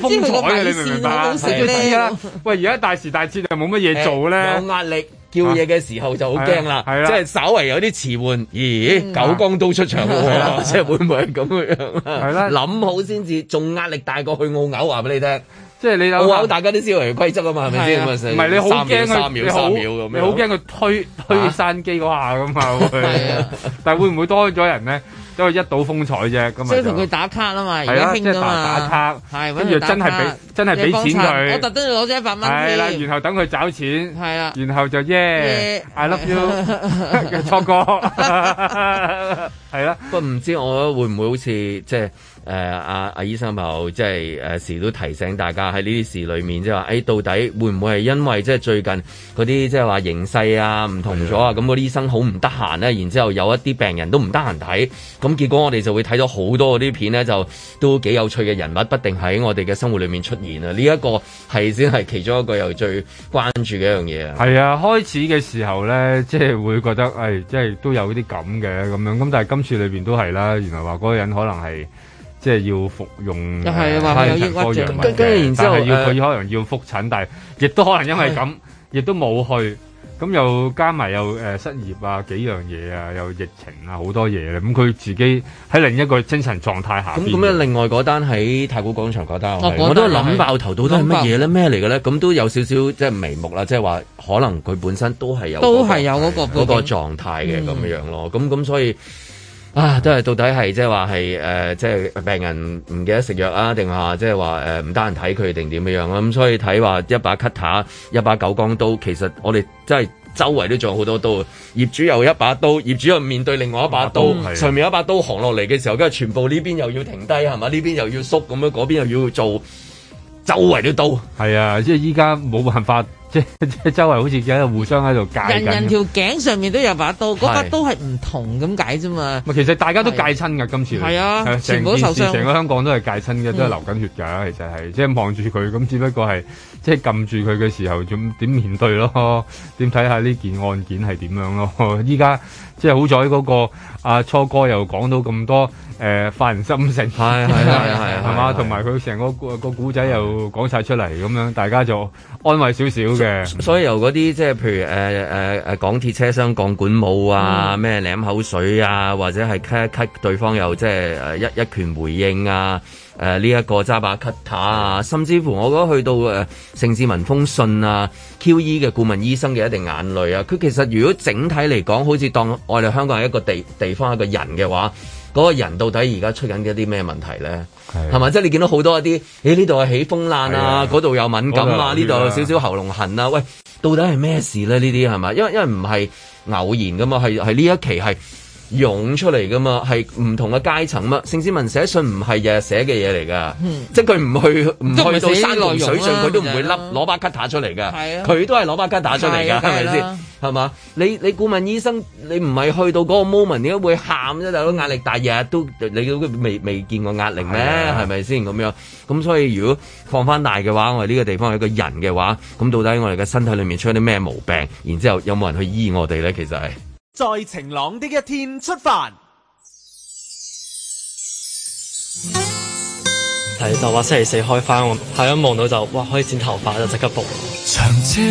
風采啊！你明唔明白？喂，而家大時大節就冇乜嘢做咧，有壓力叫嘢嘅時候就好驚啦，即係稍為有啲遲緩，咦？九江都出場喎，即係會唔會係咁嘅樣？係啦，諗好先至，仲壓力大過去澳牛，話俾你聽，即係你澳牛，大家啲思維規則啊嘛，係咪先？唔係你好驚，三秒三秒三秒咁樣，好驚佢推推山機嗰下咁啊！但係會唔會多咗人咧？即係一睹風采啫，咁啊！即係同佢打卡啊嘛，而家興啫嘛。係，即係打打卡。係，跟住真係俾真係俾錢佢。我特登攞咗一百蚊。係啦，然後等佢找錢。係啦，然後就耶，I love you 嘅錯過。係啦，不過唔知我會唔會好似即係。誒阿阿醫生朋友即係誒、啊、時都提醒大家喺呢啲事裏面，即係話誒到底會唔會係因為即係最近嗰啲即係話形勢啊唔同咗啊，咁嗰啲醫生好唔得閒咧，然之後有一啲病人都唔得閒睇，咁結果我哋就會睇到好多嗰啲片呢，就都幾有趣嘅人物，不定喺我哋嘅生活裏面出現啊！呢、這、一個係先係其中一個又最關注嘅一樣嘢啊！係啊，開始嘅時候咧，即係會覺得誒、哎，即係都有啲咁嘅咁樣，咁但係今次裏邊都係啦，原來話嗰個人可能係。即係要服用，跟跟住然之後，佢可能要複診，但係亦都可能因為咁，亦都冇去。咁又加埋又誒失業啊，幾樣嘢啊，又疫情啊，好多嘢咧。咁佢自己喺另一個精神狀態下。咁咁咧，另外嗰單喺太古廣場嗰單，我都諗爆頭，到底係乜嘢咧？咩嚟嘅咧？咁都有少少即係眉目啦，即係話可能佢本身都係有，都係有嗰個嗰個狀態嘅咁樣樣咯。咁咁所以。啊，都係到底係即係話係誒，即、就、係、是呃就是、病人唔記得食藥啊，定話即係話誒唔得閒睇佢定點樣啊？咁、嗯、所以睇話一把吉他，一把九江刀，其實我哋真係周圍都仲有好多刀啊！業主又一把刀，業主又面對另外一把刀，上面一把刀行落嚟嘅時候，跟住全部呢邊又要停低係嘛？呢邊又要縮咁樣，嗰邊又要做，周圍都刀。係啊，即係依家冇辦法。即即 周圍好似喺度互相喺度戒緊，人人條頸上面都有把刀，嗰是把刀係唔同咁解啫嘛。其實大家都戒親㗎，的今次係啊，成個成個香港都係戒親嘅，都係流緊血㗎，嗯、其實係即望住佢咁，只不過係。即係撳住佢嘅時候，點點面對咯？點睇下呢件案件係點樣咯？依家即係好彩、嗰個，嗰個阿初哥又講到咁多，誒、呃、發人心聲，係係係，係嘛？同埋佢成個個古仔又講晒出嚟咁樣，係係大家就安慰少少嘅。所以由嗰啲即係譬如誒誒誒港鐵車廂鋼管舞啊，咩舐、嗯、口水啊，或者係咳咳對方又即係誒一一拳回應啊。誒呢一個揸把吉 u 啊，甚至乎我覺得去到誒城市民封信啊、QE 嘅顧問醫生嘅一定眼淚啊，佢其實如果整體嚟講，好似當我哋香港係一個地地方一個人嘅話，嗰、那個人到底而家出緊一啲咩問題咧？係咪吧？即係、就是、你見到好多一啲，你呢度係起風冷啊，嗰度的有敏感啊，呢度的有少少喉嚨痕啊，喂，到底係咩事咧？呢啲係咪？因為因為唔係偶然噶嘛，係係呢一期係。湧出嚟噶嘛，係唔同嘅階層嘛。盛斯文寫信唔係日日寫嘅嘢嚟噶， 即係佢唔去唔去到山窮水盡，佢、啊、都唔會笠攞、啊、把吉打出嚟噶。佢、啊、都係攞把吉打出嚟噶，係咪先？係嘛吧？你你顧問醫生，你唔係去到嗰個 moment 點解會喊啫？大佬壓力大，日日都你都未未見過壓力咩？係咪先咁樣？咁吧所以如果放翻大嘅話，我哋呢個地方係一個人嘅話，咁到底我哋嘅身體裏面出啲咩毛病？然之後，後有冇人去醫我哋咧？其實係。在晴朗一的一天出發。係就話星期四開翻，我係一望到就哇可以剪頭髮，就即刻報。長車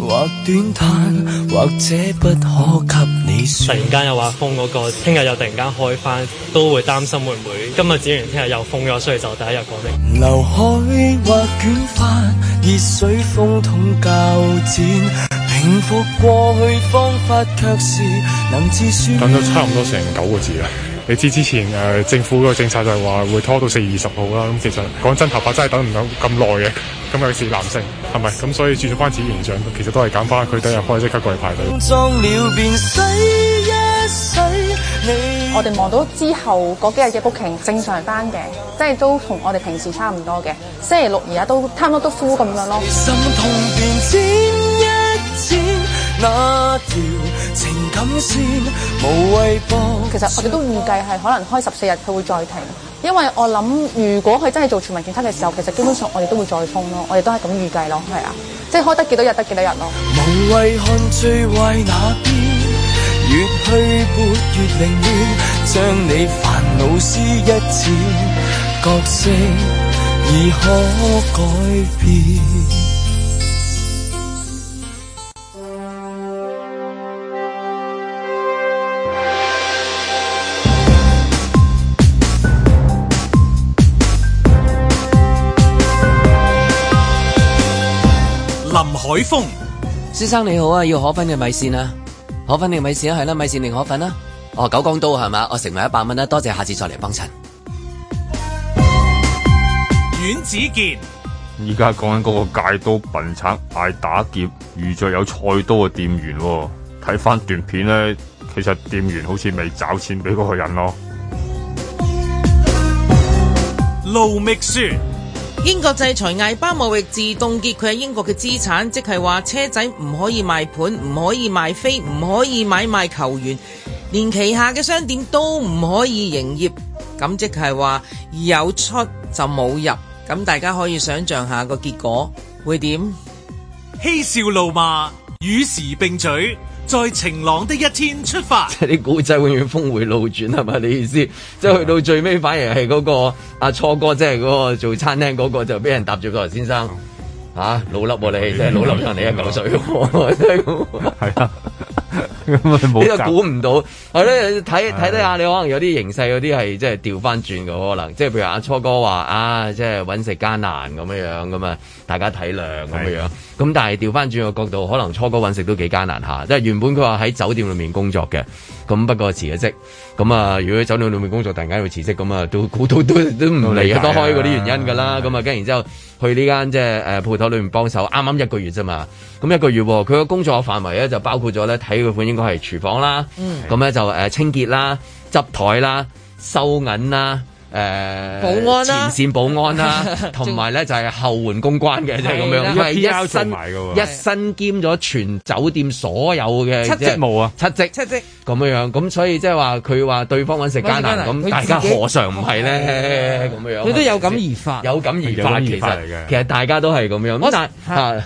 或短㗋，或者不可給你。 突然間又話封嗰個，聽日又突然間開翻，都會擔心會唔會今日剪完，聽日又封咗，所以就第一日講的。劉 海或捲髮，熱水風筒較剪。過去方法是能自等咗差唔多成九個字啦。你知之前誒、呃，政府嗰個政策就係話會拖到四月二十號啦。咁、嗯、其實講真，頭髮真係等唔到咁耐嘅。咁尤其是男性，係咪？咁所以轉咗翻自己形象，其實都係減翻佢等日開即刻過嚟排隊。我哋望到之後嗰幾日嘅 booking 正常翻嘅，即係都同我哋平時差唔多嘅。星期六而家都差唔多都 full 咁樣咯。心那條情感線無謂撥，其實我哋都預計係可能開十四日，佢會再停，因為我諗如果佢真係做全民檢測嘅時候，其實基本上我哋都會再封咯，我哋都係咁預計咯，係啊，即係開得幾多日得幾多日咯。海風先生你好啊，要可粉嘅米線啊，可粉定米線啊，係啦、啊，米線定可粉啦、啊，哦，九江刀係嘛，我成為一百蚊啦，多謝，下次再嚟幫襯。阮子健，依家講緊嗰個戒刀笨賊嗌打劫，遇著有菜刀嘅店員、哦，睇翻段片咧，其實店員好似未找錢俾嗰個人咯。盧覓雪。英國制裁艾巴莫域，凍結佢喺英國嘅資產，即係話車仔唔可以賣盤，唔可以賣飛，唔可以買賣球員，連旗下嘅商店，都唔可以營業，咁即係話有出就冇入，咁大家可以想象下個結果會點？嬉笑怒罵與時並舉。在晴朗的一天出發，即係啲古仔永遠峰回路轉係咪？你意思即係去到最尾反而係嗰個阿錯哥，即係嗰個做餐廳嗰個就俾人搭住個頭先生，吓老笠喎你，即係老笠，你嚟一嚿水，真係係啊！ 沒策你又估唔到，係咯、嗯？睇睇睇下，你可能有啲形勢有是是，有啲係即係調翻轉嘅可能。即係譬如阿初哥話啊，即係揾食艱難咁樣樣咁啊，大家體諒咁樣樣。咁是但係調翻轉個角度，可能初哥揾食都幾艱難下。即係原本佢話喺酒店裏面工作嘅，咁不過辭咗職。咁啊，如果喺酒店裏面工作突然間要辭職，咁啊都估到都都唔嚟得開嗰啲原因㗎啦。咁啊，跟然之後。去呢間即係誒鋪頭裏面幫手，啱啱一個月啫嘛，咁一個月佢個工作範圍咧就包括咗咧，睇佢款應該係廚房啦，咁咧、嗯、就誒清潔啦、執枱啦、收銀啦。誒保安啦，前線保安啦，同埋咧就係後援公關嘅，即係咁樣，因為一身一身兼咗全酒店所有嘅職務啊，七職七職咁樣，咁所以即係話佢話對方揾食艱難，咁大家何嘗唔係咧？咁樣，佢都有感而發，有感而發，其實其實大家都係咁樣。但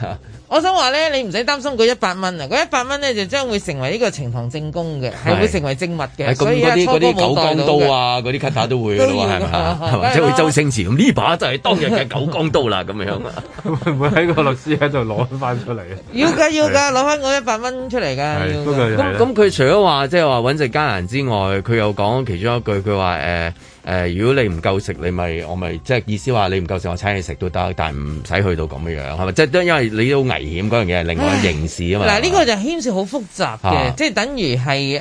我想話咧，你唔使擔心佢一百蚊啊！佢一百蚊咧就將會成為呢個呈堂證供嘅，係會成為證物嘅。係咁多啲啲九江刀啊，嗰啲砍打都會嘅嘛，係嘛？即係周星馳咁呢把就係當日嘅九江刀啦，咁樣啊！會唔會喺個律師喺度攞翻出嚟啊？要㗎要㗎，攞翻嗰一百蚊出嚟㗎。咁咁佢除咗話即係話揾食艱難之外，佢又講其中一句，佢話誒。誒、呃，如果你唔夠食，你咪我咪即係意思話你唔夠食，我請你食都得，但係唔使去到咁樣樣，係咪？即係都因為你好危險嗰樣嘢係另外刑事啊嘛。嗱唉，呢吧個就牽涉好複雜嘅，啊、即係等於係誒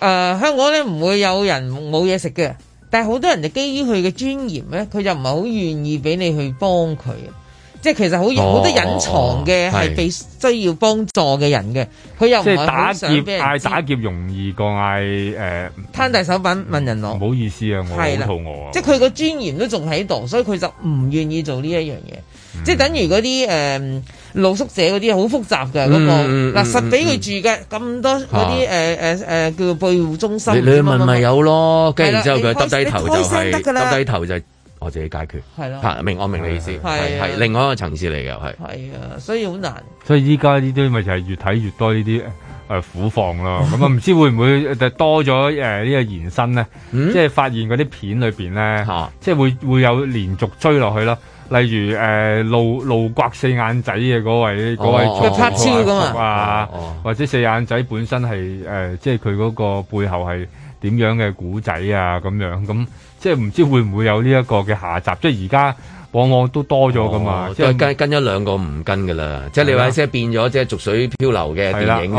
誒，香港咧唔會有人冇嘢食嘅，但係好多人就基於佢嘅尊嚴咧，佢就唔係好願意俾你去幫佢。即係其實好好多隱藏嘅係被需要幫助嘅人嘅，佢又唔係好想俾人知。即係打劫，嗌打劫容易過嗌誒攤大手板問人攞。唔好意思啊，我好肚餓啊。即係佢個尊嚴都仲喺度，所以佢就唔願意做呢一樣嘢。即係等於嗰啲誒露宿者嗰啲，好複雜嘅嗰個嗱，實俾佢住嘅咁多嗰啲誒誒誒叫做庇護中心。你問咪有咯？跟住然之後佢耷低頭就係耷低頭就。我自己解決係的、呃、咯，明我明你意思係係另外一個層次嚟嘅，係係啊，所以好難。所以依家呢啲咪就係越睇越多呢啲誒苦況咯。咁啊，唔知會唔會誒多咗誒呢個延伸咧？ 即係發現嗰啲片裏邊咧，嗯、即係會會有連續追落去咯。例如誒路路刮四眼仔嘅嗰位嗰位，佢拍超噶嘛？哦哦哦哦或者四眼仔本身係誒、呃，即係佢嗰個背後係。點樣嘅古仔啊？咁樣咁即係唔知會唔會有呢一個嘅下集？即係而家往往都多咗噶嘛，即係跟跟一兩個唔跟噶啦。即係你話即係變咗，即係逐水漂流嘅電影，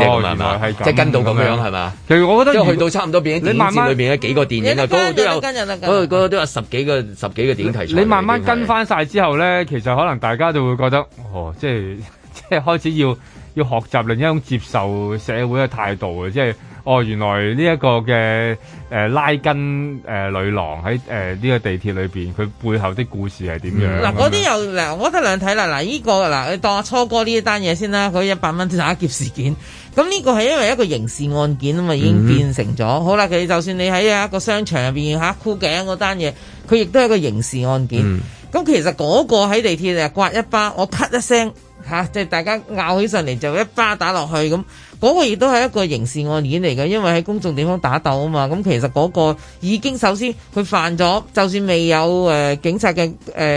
即係跟到咁樣係嘛？其實我覺得，去到差唔多變，你慢慢裏邊嘅幾個電影啊，嗰個都嗰個嗰個都有十幾個十幾個電影提出。你慢慢跟翻晒之後咧，其實可能大家就會覺得，哦，即係即係開始要要學習另一種接受社會嘅態度啊！即係。哦，原來呢一個嘅誒、呃、拉筋誒女郎喺誒呢個地鐵裏邊，佢背後的故事係點樣？嗱、嗯、嗰、啊、啲又，嗱，我得兩睇啦。嗱，呢、這個嗱，你當初哥呢單嘢先啦，嗰一百蚊打劫事件，咁呢個係因為一個刑事案件啊嘛，已經變成咗。嗯、好啦，佢就算你喺一個商場入邊吓箍頸嗰單嘢，佢亦都係一個刑事案件。咁、嗯、其實嗰個喺地鐵啊刮一巴，我咳一聲吓，即、啊、係、就是、大家拗起上嚟就一巴打落去咁。嗰個亦都係一個刑事案件嚟嘅，因為喺公眾地方打鬥啊嘛。咁、嗯、其實嗰個已經首先佢犯咗，就算未有誒、呃、警察嘅誒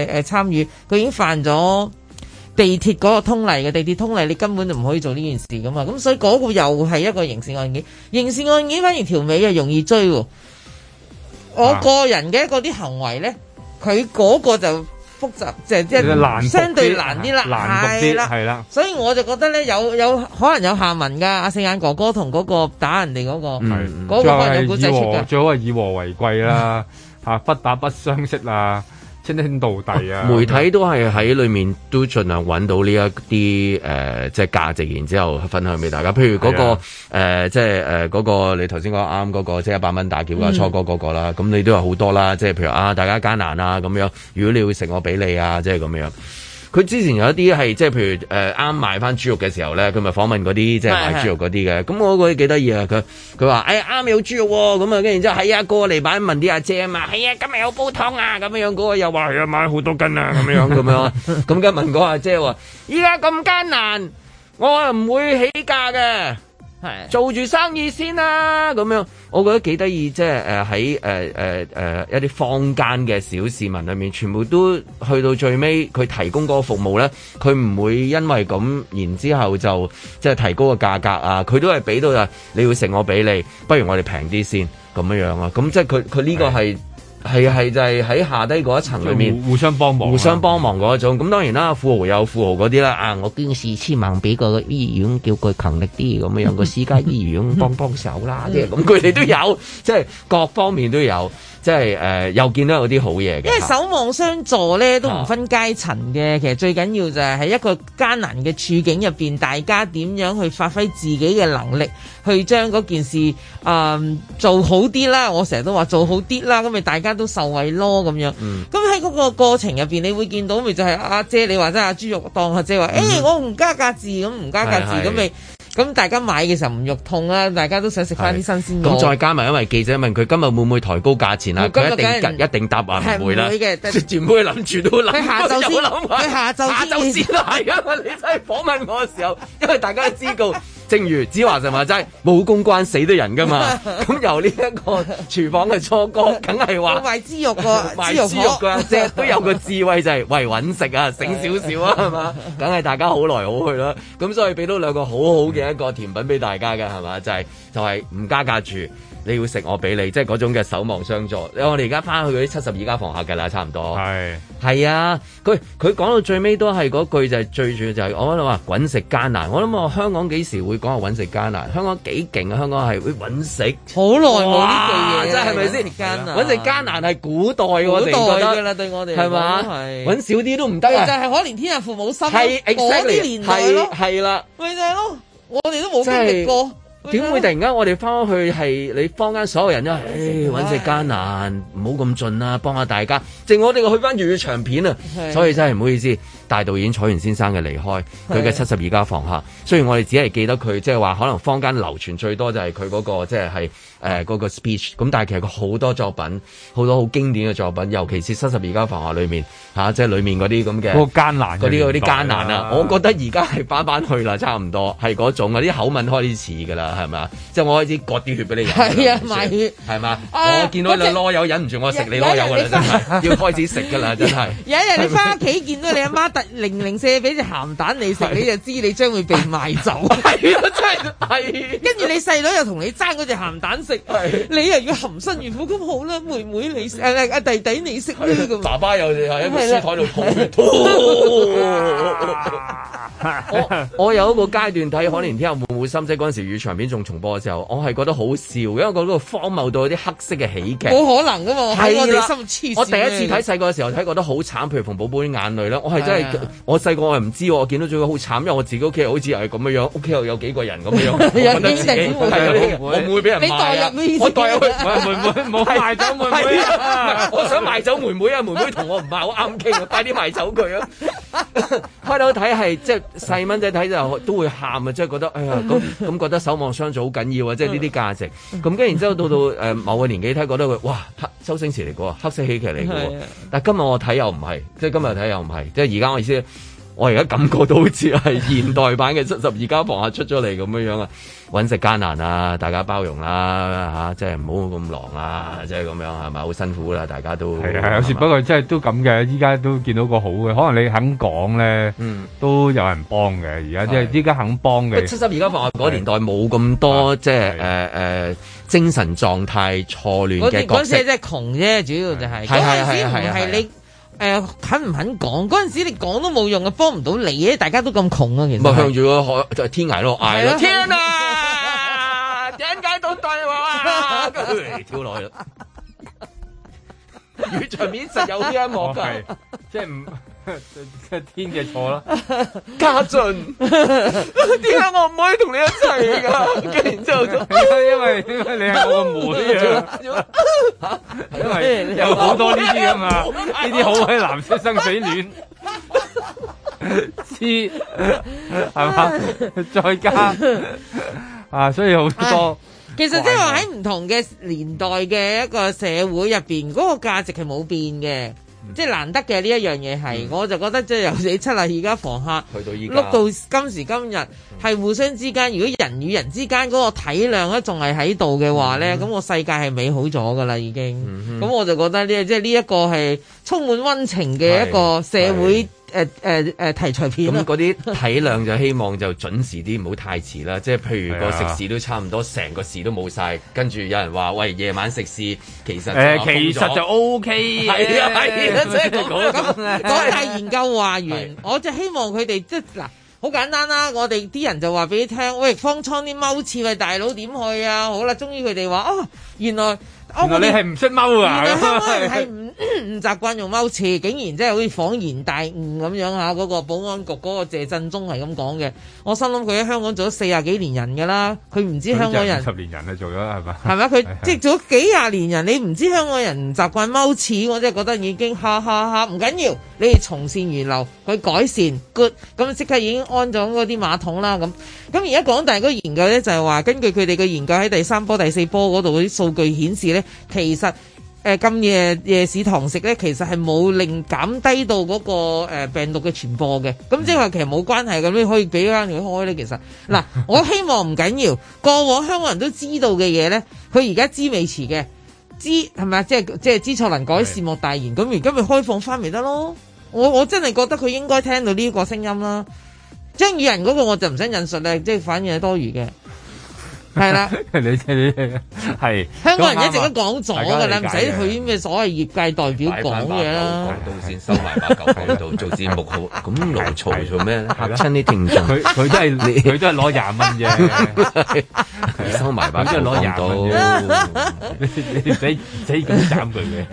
誒參與，佢已經犯咗地鐵嗰個通例嘅地鐵通例，你根本就唔可以做呢件事噶嘛。咁、嗯、所以嗰個又係一個刑事案件，刑事案件反而條尾又容易追。我個人嘅嗰啲行為呢，佢嗰個就。複雜，即係即係相對難啲啦，係啦，係啦，所以我就覺得咧有有可能有下文噶。阿四眼哥哥同嗰個打人哋嗰、那個，嗰個係古仔出嘅的，最好係以和為貴啦，吓、 啊、不打不相識啦。稱兄道弟啊！媒體都係喺裏面都盡量揾到呢一啲誒、呃，即係價值，然之後分享俾大家。譬如嗰個即係誒嗰個你頭先講啱嗰個，是的 呃、即係一百蚊大橋啊，呃呃呃，那個就是、橋初哥嗰、嗰個啦。咁、嗯、你都有好多啦，即係譬如啊，大家艱難啊咁樣。如果你會食，我俾你啊，即係咁樣。佢之前有一啲係即係譬如誒啱買翻豬肉嘅時候咧，佢咪訪問嗰啲即係買豬肉嗰啲嘅，咁 我覺得幾得意啊！佢佢話：哎呀，啱有豬肉喎！咁啊，跟住之後係啊，過嚟問啲阿姐啊嘛，係啊，今日有煲湯啊，咁樣樣嗰個又話係啊，買好多斤啊，咁樣咁樣，咁跟住問個阿姐話：依家咁艱難，我係唔會起價嘅。做住生意先啦，啊，咁樣我覺得幾得意，即係誒喺誒誒誒一啲坊間嘅小市民裏面，全部都去到最尾，佢提供嗰個服務呢，佢唔會因為咁，然之後就即係提高個價格啊！佢都係俾到啊，你要食我俾你，不如我哋平啲先咁樣樣啊！咁即係佢佢呢個係。係係就係喺下低嗰一層裏面互，互相幫忙，互相幫忙嗰一種。咁、啊、當然啦，富豪有富豪嗰啲啦。啊，我捐四千萬俾個醫院，叫佢勤力啲咁樣樣，個私家醫院幫幫手啦。即係咁，佢哋都有，即係各方面都有。即係誒、呃，又見到有啲好嘢嘅，因為守望相助咧都唔分階層嘅。啊、其實最緊要就係喺一個艱難嘅處境入邊，大家點樣去發揮自己嘅能力，去將嗰件事啊、呃、做好啲啦。我成日都話做好啲啦，咁咪大家都受惠咯咁樣。咁喺嗰個過程入邊，你會見到咪就係阿姐，你話齋阿豬肉檔阿姐話誒、嗯哎，我唔加價字咁，唔加價字咁咪。的的咁大家買嘅時候唔肉痛啦，大家都想食翻啲新鮮。咁、嗯、再加埋，因為記者問佢今日會唔會抬高價錢啦，佢一定不一定答話唔會啦。絕對唔會諗住都諗，佢下晝先，佢下晝先，係呀，你真係訪問我嘅時候，因為大家都知道。 正如子華就話齋，冇公關死得人噶嘛，咁、 嗯、由呢一個廚房嘅初哥，梗係話賣豬肉個、啊、 賣豬肉嘅、啊， 即係都有個智慧就係、是、喂揾食啊，醒少少啊，係嘛， 梗係大家好來好去啦，咁所以俾到兩個好好嘅一個甜品俾大家嘅，係嘛，就係、是、就係唔加價住。你要食我俾你，即係嗰種嘅守望相助。我哋而家翻去嗰啲七十二家房客㗎喇，差唔多。係係啊，佢佢講到最尾都係嗰句就係最主要就係我喺度話揾食艱難。我諗我香港幾時會講下揾食艱難？香港幾勁啊！香港係會揾食，好耐冇呢句嘢啦，係咪先？揾食艱難係古代嘅，古代嘅啦，對我哋係嘛？揾少啲都唔得啊！就係可憐天下父母心，係 exactly 年代咯，係啦，咪就係我哋都冇經歷過。點會突然間我哋翻返去係你坊間所有人啊！揾食的、哎、艱難，唔好咁盡啦，幫下大家。淨我哋去翻粵語長片啊，的所以真係唔好意思，大導演楚原先生嘅離開，佢嘅七十二家房客。雖然我哋只係記得佢，即係話可能坊間流傳最多就係佢嗰個，即係係。誒嗰個 speech，咁但係其實佢好多作品，好多好經典嘅作品，尤其是《七十二家房客》裏面嚇，即係裏面嗰啲咁嘅，嗰個艱難，嗰啲嗰啲艱難啊！我覺得而家係返返去啦，差唔多係嗰種啊，啲口吻開始似噶啦，係咪啊？即係我開始割啲血俾你飲，係啊，賣血係嘛？我見到你囉柚，忍唔住，我食你囉柚噶啦，真係要開始食噶啦，真係。有一日你翻屋企見到你阿媽突然零零四俾隻鹹蛋你食，你就知你將會被賣走。係啊，真係。跟住你細佬又同你爭嗰隻鹹蛋食。 你又要含辛茹苦咁好啦，妹妹你誒誒、啊、弟弟你識咧 爸爸又係喺書台度拖拖。我我有一個階段睇《可憐天下父母心》即係嗰陣時，粵語長片仲重播嘅時候，我係覺得好笑，因為嗰個荒謬到有啲黑色嘅喜劇。冇可能啊嘛，係我哋心黐、啊、我第一次睇細個嘅時候睇覺得好慘，譬如馮寶寶啲眼淚啦，我係真係我細個我唔知，我見到最好慘，因為我自己屋企好似又係咁嘅樣，屋企又有幾個人咁樣，我搵得自 我唔會俾人。 我帶妹妹，唔好賣走妹妹，我想賣走妹妹啊！妹妹同我唔係好啱傾，快啲賣走佢啊！ 開頭睇係即係細蚊仔睇就都會喊啊！即係覺得哎呀咁咁覺得守望相助好緊要啊！即係呢啲價值。咁跟然之後到到誒某個年紀睇，覺得佢哇，黑周星馳嚟噶，黑色喜劇嚟噶。但係今日我睇又唔係，即係今日睇又唔係，即係而家我意思，我而家感覺到好似係現代版嘅七十二家房客出咗嚟咁樣樣啊！揾食艱難啊！大家包容啦嚇，即係唔好咁狼啊！即係咁樣係咪？好辛苦啦，大家都係有時，不過真係都咁嘅，依家都見到個好嘅。可能你肯講咧，都有人幫嘅。而家即係依家肯幫嘅。七十年代嗰年代冇咁多即係誒誒精神狀態錯亂嘅嗰陣時，即係窮啫，主要就係嗰陣時係你誒肯唔肯講嗰陣時，你講都冇用嘅，幫唔到你大家都咁窮啊，其實向住天涯路嗌咯，天啊！嚟、 哎、跳落去啦，現 場面實有啲一幕噶，即係唔天嘅錯啦。家俊，點 解我唔可以同你一齊噶 然之後就因為，因為你係我嘅妹啊， 因為有多好多呢啲噶嘛，呢啲好喺藍色生、生死戀，知係嘛？再加 啊，所以好多。哎其實即係話喺唔同嘅年代嘅一個社會入邊，嗰、嗯、個價值係冇變嘅，嗯、即係難得嘅呢一樣嘢係。嗯、我就覺得即係由你七啊，而家房客去到碌到今時今日，係、嗯、互相之間，如果人與人之間嗰個體諒咧，仲係喺度嘅話咧，咁、嗯、個世界係美好咗噶啦，已經。咁、嗯嗯、我就覺得呢、這個，即係呢一個係充滿溫情嘅一個社會。嗯嗯嗯嗯誒誒誒題材片咁嗰啲體量就希望就準時啲，唔好太遲啦。即係譬如個食肆都差唔多，成個市都冇晒。跟住有人話：喂，夜晚食肆，其實誒、欸、其實就 O K 嘅。係啊係啊，即係咁。咁嗰係研究話完，是我就希望佢哋即係嗱，好簡單啦。我哋啲人就話俾你聽：喂，方艙啲踎似踎廁喂大佬點去啊？好啦，終於佢哋話：哦，原來。我話你係唔識踎啊！係唔唔習慣用踎廁，竟然真係好似恍然大悟咁樣嚇。嗰個保安局嗰個謝振中係咁講嘅。我心諗佢喺香港做咗四十幾年人㗎啦，佢唔知香港人 十年人係做咗係嘛？係咪？佢即係做咗幾廿年人，你唔知香港人唔習慣踎廁，我真係覺得已經哈哈哈唔緊要。你哋從善如流，佢改善 good，咁即刻已經安咗嗰啲馬桶啦咁。咁而家港大嗰個研究咧就係話，根據佢哋嘅研究，喺第三波、第四波嗰度嗰啲數據顯示咧。其實誒，咁、呃、夜夜市堂食咧，其實係冇令減低到嗰、那個誒、呃、病毒嘅傳播嘅，咁即係話其實冇關係，咁你可以俾翻佢開咧。其實嗱，我希望唔緊要，過往香港人都知道嘅嘢咧，佢而家知未遲嘅，知係咪即係即係知錯能改，善莫大焉。咁而家咪開放翻咪得咯？我我真係覺得佢應該聽到呢個聲音啦。張宇人嗰個我就唔想引述啦，即係反而係多餘嘅。係啦，你係香港人一直都講咗噶啦，唔使去咩所謂業界代表講嘢啦。廣東先收埋八九塊度做節目好，咁勞嘈做咩咧？吓親啲聽眾，佢佢都係佢都係攞廿蚊啫，收埋八，都係攞廿蚊。你唔使唔使咁斬佢咩？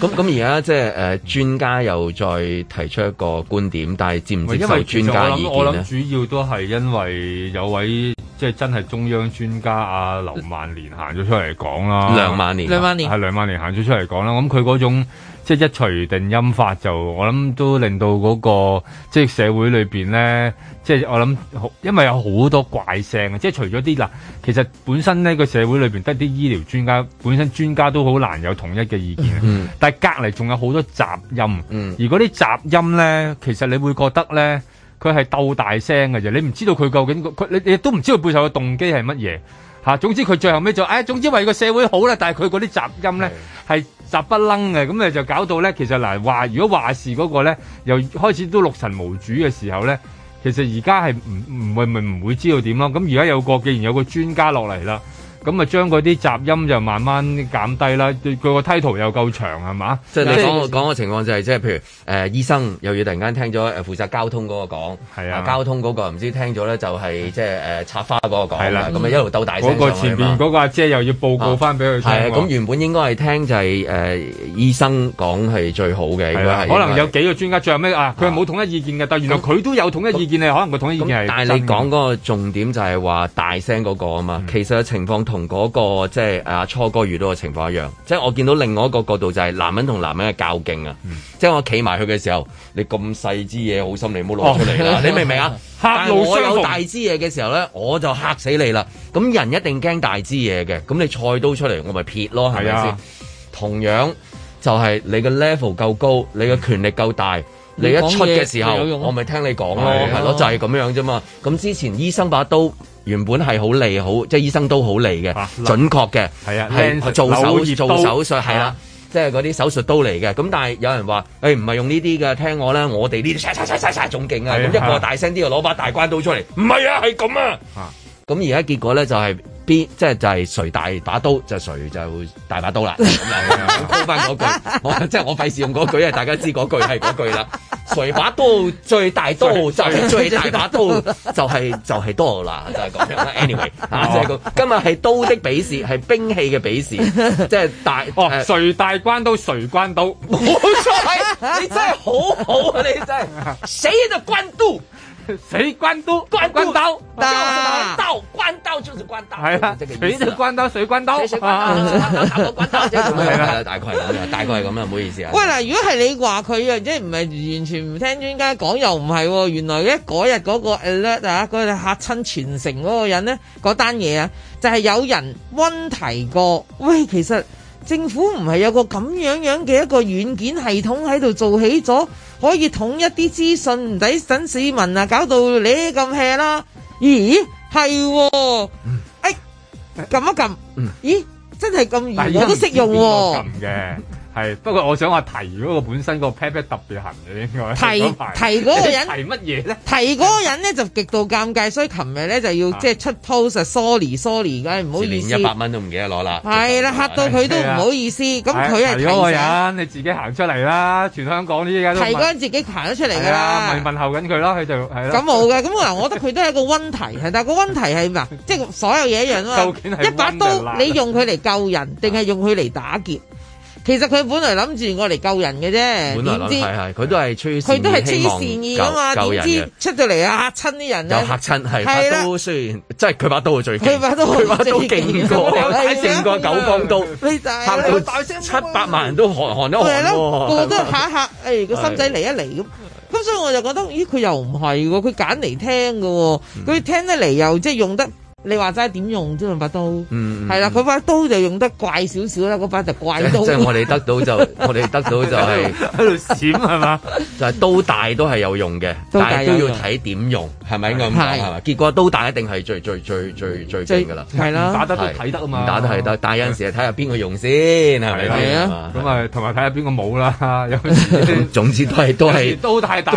咁咁而家即係誒，專家又再提出一個觀點，但係知唔知？因為專家意見我諗主要都係因為有位。即係真係中央專家阿、啊、劉萬年行咗出嚟講啦，梁萬年，梁萬年行咗出嚟講啦。咁佢嗰種即係一錘定音法就，就我諗都令到嗰、那個即係社會裏邊咧，即係我諗因為有好多怪聲啊！即係除咗啲嗱，其實本身呢個社會裏邊得啲醫療專家，本身專家都好難有統一嘅意見。嗯、哼但係隔籬仲有好多雜音。嗯、而嗰啲雜音咧，其實你會覺得咧。佢係鬥大聲嘅啫，你唔知道佢究竟佢你你都唔知佢背後嘅動機係乜嘢嚇。總之佢最後尾就唉、哎，總之為個社會好啦。但係佢嗰啲雜音咧係的雜不楞嘅，咁咧就搞到咧其實嗱話，啊，如果話事嗰個咧又開始都六神無主嘅時候咧，其實而家係唔唔會唔會知道點咯。咁而家有個既然有個專家落嚟啦。咁咪將嗰啲雜音就慢慢減低啦。佢個梯度又夠長係嘛？即係你講個講情況就係即係譬如誒醫生又要突然間聽咗誒負責交通嗰個講交通，嗰個唔知聽咗咧就係即係誒插花嗰個講係啦。咁咪一路鬥大聲。嗰個前面嗰個阿姐又要報告翻俾佢聽。咁原本應該係聽就係誒醫生講係最好嘅。係。可能有幾個專家最後尾啊，佢係冇統一意見嘅，但原來佢都有統一意見，你可能個統一意見，但係你講嗰個重點就係話大聲嗰個啊嘛。其實情況同嗰、那個即係阿、啊、初哥遇到嘅情況一樣，即係我見到另外一個角度就係男人同男人嘅較勁啊！嗯、即係我企埋去嘅時候，你咁細支嘢好心你唔好攞出嚟啦！哦、你明唔明啊？狹路相逢，但係我有大支嘢嘅時候咧，我就嚇死你啦！咁人一定驚大支嘢嘅，咁你菜刀出嚟，我咪撇咯，係咪先？同樣就係你嘅 level 夠高，你嘅權力夠大，嗯、你一出嘅時候，我咪聽你講咯，係咯、啊，啊、就係咁樣啫嘛！咁之前醫生把刀。原本係好利好，即係醫生都好利嘅，啊、準確嘅，係啊，係做手做手術係啊，啊即係嗰啲手術都利嘅。咁但係有人話：誒唔係用呢啲㗎，聽我啦，我哋呢啲嚓嚓嚓嚓嚓仲勁啊！咁、啊、一個大聲啲，就攞把大關刀出嚟，唔係啊，係咁啊，咁、啊啊、而家結果咧就係、是。邊即係就係誰大把刀就誰、是、就大、是、把刀啦！咁樣，講返嗰句，我即係我費事用嗰句啊！大家知嗰句係嗰句啦。誰把刀最大刀就是、最，最，最大把刀 就係、是、就係、是、多啦，就係咁樣啦。anyway，啊，即係今日係刀的比試，係兵器嘅比試，即、就、係、是、大哦，誰大關刀誰關刀，冇錯，你真係好好啊！你真係誰就關刀。水關都關刀關 刀，刀打，關刀就是關刀，係啦，這個意思，水關刀，水關刀，水關刀，大概係咁啦，大概係咁啦，唔好意思啊。喂、就、嗱、是，如果係你話佢啊，即係唔係完全唔聽專家講，又唔係、哦，原來咧嗰日嗰個 alert 啊，嗰個嚇親全城嗰個人咧，嗰單嘢啊，就係、是、有人溫提過，喂，其實政府唔係有個咁樣樣嘅一個軟件系統喺度做起咗。可以統一啲資訊，唔使等市民啊，搞到你咁 hea 啦。咦，係、哦，哎，撳一撳，咦，真係咁易，現我都識用喎、啊。 係，不過我想話提嗰個本身個 petpet 特別痕嘅，應該提提嗰個人，提乜嘢咧？提嗰個人咧就極度尷尬，所以琴日咧就要即係出 post sorry sorry，唉，唔好意思，連一百蚊都唔記得攞啦。係啦，吓到佢都唔好意思。咁佢係提嗰個人，你自己行出嚟啦，全香港呢啲。提嗰人自己行咗出嚟噶啦，問問候緊佢咯，佢就係咁冇嘅。咁嗱，我覺得佢都係一個溫提，但係個溫提係嘛，即係所有嘢一樣啊嘛。一把刀，你用佢嚟救人，定係用佢嚟打劫？其實佢本嚟諗住我嚟救人嘅啫，點知係係佢都係出於佢都係出於善意噶嘛？點知出到嚟吓親啲人啊！有吓親係，係啦。雖然即係佢把刀最勁，佢把刀勁過，係啊，勁過九江刀。你大聲，七百萬人都寒寒得我，個個都吓一吓。誒，個心仔嚟一嚟咁，咁所以我就覺得，咦，佢又唔係喎，佢揀嚟聽嘅喎，佢聽得嚟又即係用得。你話齋點用張把刀？嗯，係啦，佢把刀就用得怪少少啦，嗰把就怪刀。即係我哋得到就，我哋得到就係喺度閃，係嘛？就係刀大都係有用嘅，但係都要睇點用，係咪咁講？係嘛？結果刀大一定係最最最最最勁噶啦。係啦，打得都睇得啊嘛。打得係得，但係有陣時睇下邊個用先，係咪咁啊？同埋睇下邊個冇啦。總之都係都係刀太大。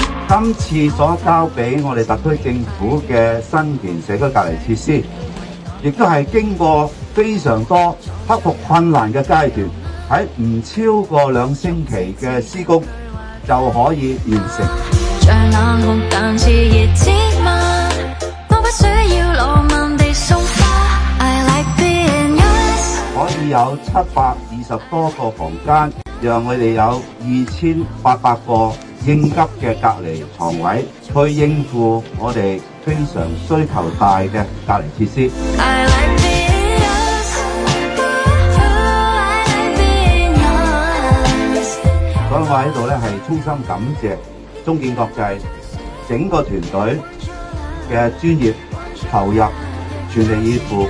今次所交俾我哋特區政府嘅新建社區隔離設施，亦都係經過非常多克服困難嘅階段，喺唔超過兩星期嘅施工就可以完成。 可以有七百二十多個房間，讓佢哋有二千八百個。應急嘅隔離床位，去應付我哋非常需求大嘅隔離設施。所以我喺度咧，係衷心感謝中建國際整個團隊嘅專業投入、全力以赴，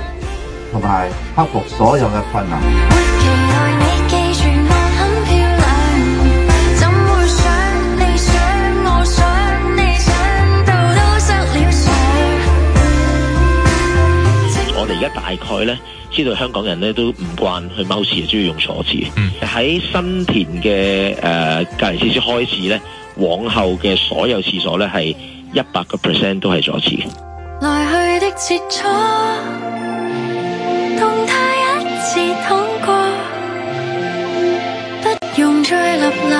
同埋克服所有嘅困難。而家大概咧，知道香港人咧都唔慣去踎廁，中意用坐廁。喺、嗯、新田嘅誒隔離廁所開始咧，往後嘅所有廁所咧係一百個 percent 都係坐廁。不用再黏黏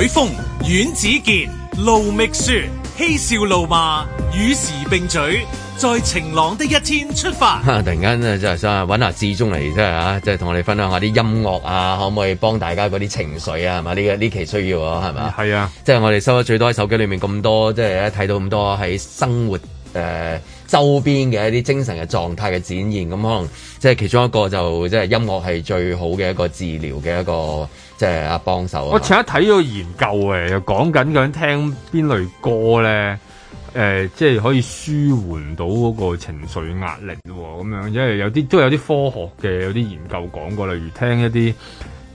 海風遠子健、路覓雪嬉笑怒罵與時並舉，在晴朗的一天出發。突然間咧就是，想揾下志中嚟，即係吓，即係同我哋分享下啲音樂啊，可唔可以幫大家嗰啲情緒啊？係嘛，呢個呢期需要啊？係咪？係啊！即係我哋收得最多喺手機裏面咁多，即係睇到咁多喺生活誒、呃、周邊嘅一啲精神嘅狀態嘅展現。咁可能即係其中一個就即係音樂係最好嘅一個治療嘅一個。即係阿幫手，我前一睇咗研究誒，又講緊想聽邊類歌咧，誒、呃，即係可以舒緩到嗰個情緒壓力喎，咁樣，因為有啲都有啲科學嘅，有啲研究講過，例如聽一啲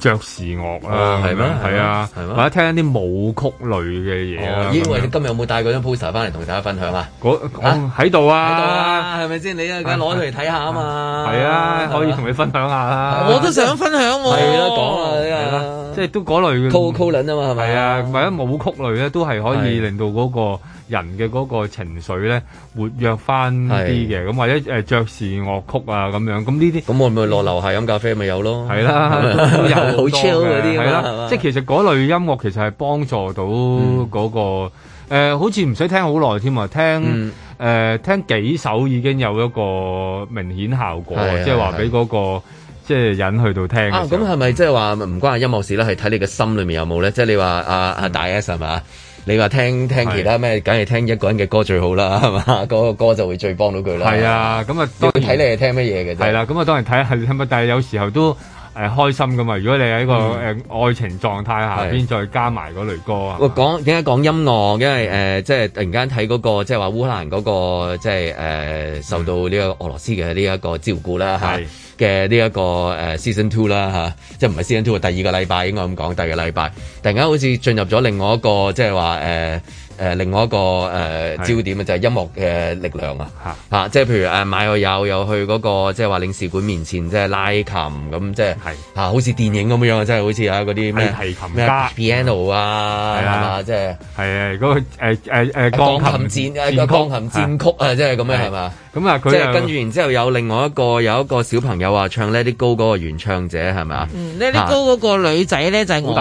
爵士樂啊，係咩？係啊，或者聽一啲舞曲類嘅嘢啊。因為，你今日有冇帶嗰張 poster 翻嚟同大家分享啊？嗰喺度啊，係咪先？你一陣間攞出嚟睇下啊嘛。係啊，可以同你分享下啊。我都想分享喎。係啦，講啊，真係。即係都嗰類嘅。Co Co 輪啊嘛，係咪？係啊，或者舞曲類咧，都係可以令到嗰個。人嘅嗰個情緒咧活躍翻啲嘅，咁或者誒爵士樂曲啊咁樣，咁呢啲咁會唔會落樓下飲咖啡，咪有咯，係啦，好 chill 嗰啲，係啦，即係其實嗰類音樂其實係幫助到嗰個誒，好似唔使聽好耐添啊，聽誒聽幾首已經有一個明顯效果，即係話俾嗰個即係人去到聽啊，咁係咪即係話唔關係音樂事啦？係睇你嘅心裏面有冇咧？即係你話啊阿大 S 係嘛？你話聽聽其他咩，梗係是聽一個人嘅歌最好啦，係嘛？嗰、嗰個歌就會最幫到佢啦。係啊，咁、嗯、啊，要睇你係聽乜嘢嘅啫？係啦，咁啊當然睇係咪？但係有時候都。誒開心噶嘛？如果你喺一個誒愛情狀態下邊，嗯、再加埋嗰類歌啊！講點解講音樂？因為誒、呃，即係突然間睇嗰個，即係話烏克蘭嗰個，即係誒受到呢個俄羅斯嘅呢一個照顧啦嚇，嘅呢一個誒、呃、season two 啦、啊、嚇，即係唔係 season two？第二個禮拜應該咁講，第二個禮拜突然間好似進入咗另外一個，即係話誒。呃誒另外一個誒焦點就係音樂嘅力量啊！嚇即係譬如誒，馬友友又去嗰個即係話領事館面前即係拉琴咁，即係嚇好似電影咁樣啊！即係好似啊嗰啲咩提琴家 piano 啊，係嘛？即係係啊，嗰個鋼琴戰鋼琴戰曲啊，即係咁樣係嘛？咁啊，即係跟住然之後有另外一個有一個小朋友話唱 Let It Go 嗰個原唱者係咪啊？Let It Go 嗰個女仔咧就係烏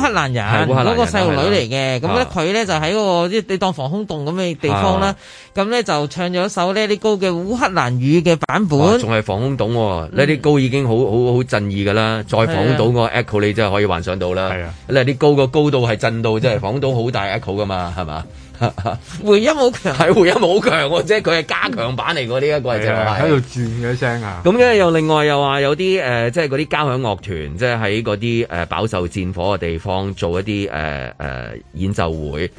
克蘭人嗰個細路女嚟嘅，咁佢咧就喺嗰個。哦，即你當防空洞咁嘅地方啦，咁咧、啊、就唱咗一首呢啲高嘅烏克蘭語嘅版本，仲係防空洞喎、哦。咧啲、嗯、高已經好好好震耳噶啦，再防空洞個 echo 你真係可以幻想到啦。係啊，呢啲高個高度係震到，即係防空洞好大 echo 噶嘛，係嘛？回音好強，係回音好強喎，即係佢係加強版嚟呢一個、啊、就係喺度轉嘅聲啊。咁咧又另外又話有啲誒，即係嗰啲交響樂團，即係喺嗰啲誒飽受戰火嘅地方做一啲誒誒演奏會。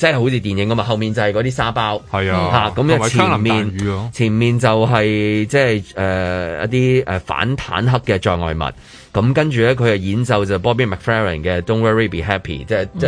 即係好似電影咁嘛，後面就係嗰啲沙包，係啊，嚇咁前面前面就係即係誒一啲誒反坦克嘅障礙物。咁跟住咧，佢係演奏就 Bobby McFerrin 嘅 Don't Worry Be Happy，即係即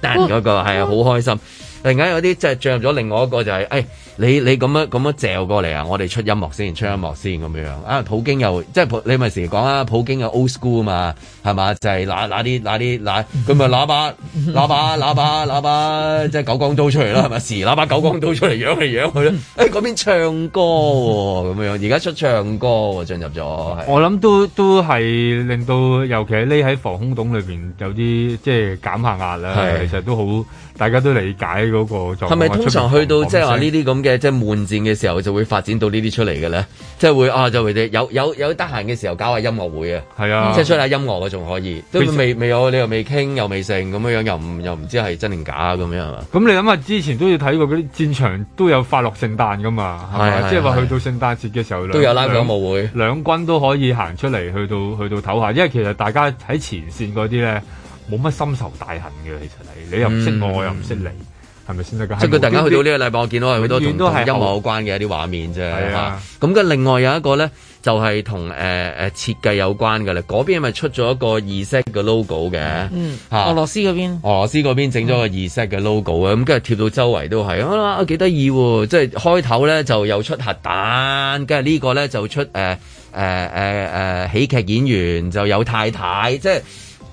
係嗰個，係啊，好開心。突然間有啲即係進入咗另外一個就係誒。你你咁樣咁樣嚼過嚟啊！我哋出音樂先，出音樂先咁樣啊！普京又即係你咪時時講啊！普京有 old school 啊嘛，係嘛？就係嗱嗱啲嗱啲嗱，佢咪喇叭喇叭喇叭喇叭，即係九江刀出嚟啦，係咪？時喇叭九江刀出嚟，養嚟養去咧。誒、欸，嗰邊唱歌喎、哦，咁樣。而家出唱歌、哦，進入咗。我諗都都係令到，尤其係匿喺防空洞裏邊，有啲即係減下壓啦。的其實都好，大家都理解嗰個狀況。係咪通常去到即係話呢啲咁？嘅即係悶戰嘅時候就會發展到呢啲出嚟嘅咧，即係會啊，就係啲有有，有有有得閒嘅時候搞下音樂會啊，係啊，即係出下音樂啊，仲可以都未是未有，你又未傾又未成咁樣，又唔又唔知係真定假咁樣係嘛？咁你諗下，之前都要睇過嗰啲戰場都有快樂聖誕噶嘛，係啊，吧即係話去到聖誕節嘅時候都有啦，歌舞會，兩軍都可以行出嚟去到去到唞下，因為其實大家喺前線嗰啲咧冇乜深仇大恨嘅，其實係你又唔識我，我又唔識你。嗯係咪先得噶？即係佢突然間去到呢個禮拜，我見到係好多同音樂有關嘅一啲畫面啫。係啊，咁嘅、啊嗯、另外有一個咧，就係同誒誒設計有關嘅咧。嗰邊咪出咗一個二色嘅 logo 嘅。嗯，俄羅斯嗰邊，俄羅斯嗰邊整咗個二色嘅 logo 啊。咁跟住貼到周圍都係，嘩、啊，幾得意喎！即係開頭咧就又出核彈，跟住呢個咧就出誒誒誒誒喜劇演員就有太太，即係。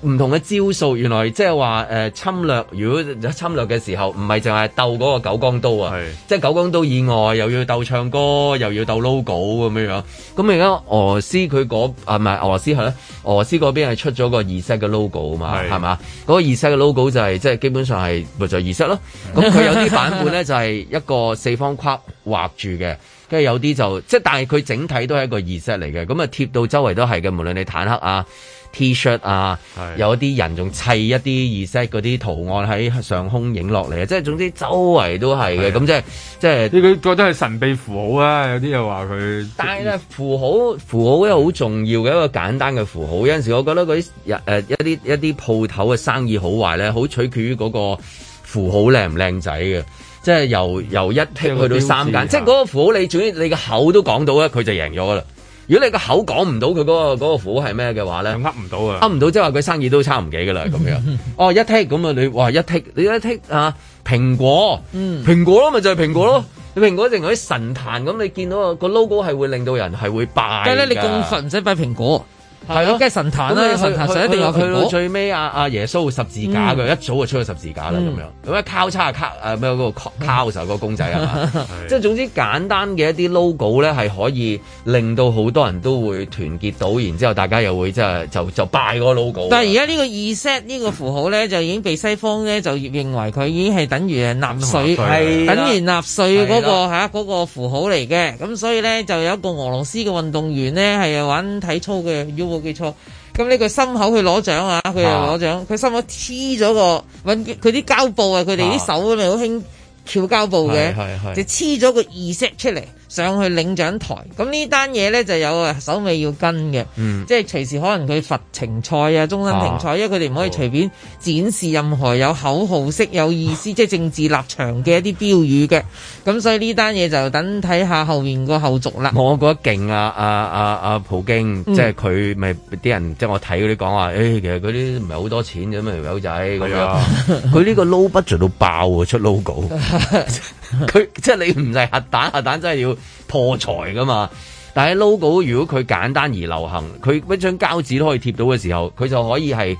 唔同嘅招數，原來即係話誒侵略。如果侵略嘅時候，唔係淨係鬥嗰個九江刀啊，是即係九江刀以外，又要鬥唱歌，又要鬥 logo 咁樣樣。咁而家俄羅斯佢嗰啊唔係俄羅斯係咧，俄羅斯嗰、啊、邊係出咗個 Z 嘅 logo 啊嘛，係嘛是？嗰、那個 Z 嘅 logo 就係、是、即係基本上係咪就 Z、是、式咯？咁佢有啲版本咧 就係一個四方框畫住嘅，跟住有啲就即係但係佢整體都係一個 Z 嚟嘅。咁啊貼到周圍都係嘅，無論你坦克啊。T-shirt 啊，是有一啲人仲砌一啲二 s 嗰啲圖案喺上空影落嚟啊！即係總之周圍都係嘅，咁即係即係，即係即係、你佢覺得係神秘符號啊，有啲又話佢。但係咧，符號符號咧好重要嘅的一個簡單嘅符號，有陣時我覺得嗰啲誒一啲一啲鋪頭嘅生意好壞咧，好取決於嗰個符號靚唔靚仔嘅。即係由由一聽去到三間，即係嗰個符號你總之你個口都講到咧，佢就贏咗啦。如果你口、嗰個口講唔到佢嗰個苦係咩嘅話咧，噏唔到啊！噏唔到，即係話佢生意都差唔幾噶啦咁樣。 哦，一剔咁啊你，哇一剔你一剔啊蘋果，嗯、蘋果咯，咪就係蘋果咯。嗯、蘋果淨係喺神壇咁，你見到個 logo 係會令到人係會拜。但係咧，你咁唔使拜蘋果？係咯，即係神壇啦，神壇就一定話佢咯。最尾阿阿耶穌十字架佢一早就出咗十字架啦咁樣，咁啊交叉卡誒咩嗰個交叉嗰個公仔啊嘛，即係總之簡單嘅一啲 logo 咧係可以令到好多人都會團結到，然之後大家又會即係就就拜個 logo。但係而家呢個 Z 呢個符號咧就已經被西方咧就認為佢已經係等於納粹，等於納粹嗰個嚇嗰個符號嚟嘅。咁所以咧就有一個俄羅斯嘅運動員咧係玩體操嘅，冇記錯，咁呢個心口去攞獎啊！佢又攞獎，佢心、啊、口黐咗個揾佢啲膠布，布啊！佢哋啲手咧好輕翹膠布嘅，就黐咗個耳石出嚟。上去領獎台，咁呢單嘢咧就有首尾要跟嘅，嗯、即係隨時可能佢罰停賽啊、終身停賽，啊、因為佢哋唔可以隨便展示任何有口號式、有意思、啊、即係政治立場嘅一啲標語嘅。咁、啊、所以呢單嘢就等睇下後面個後續啦。我覺得勁啊！啊啊啊！普京，嗯、即係佢咪啲人即係我睇嗰啲講話，誒、哎、其實嗰啲唔係好多錢啫嘛，條友仔咁樣。佢呢個 low budget 到爆啊，出 logo。 佢 即係你唔係核彈，核彈真係要破財噶嘛。但係 logo 如果佢簡單而流行，佢一張膠紙都可以貼到嘅時候，佢就可以係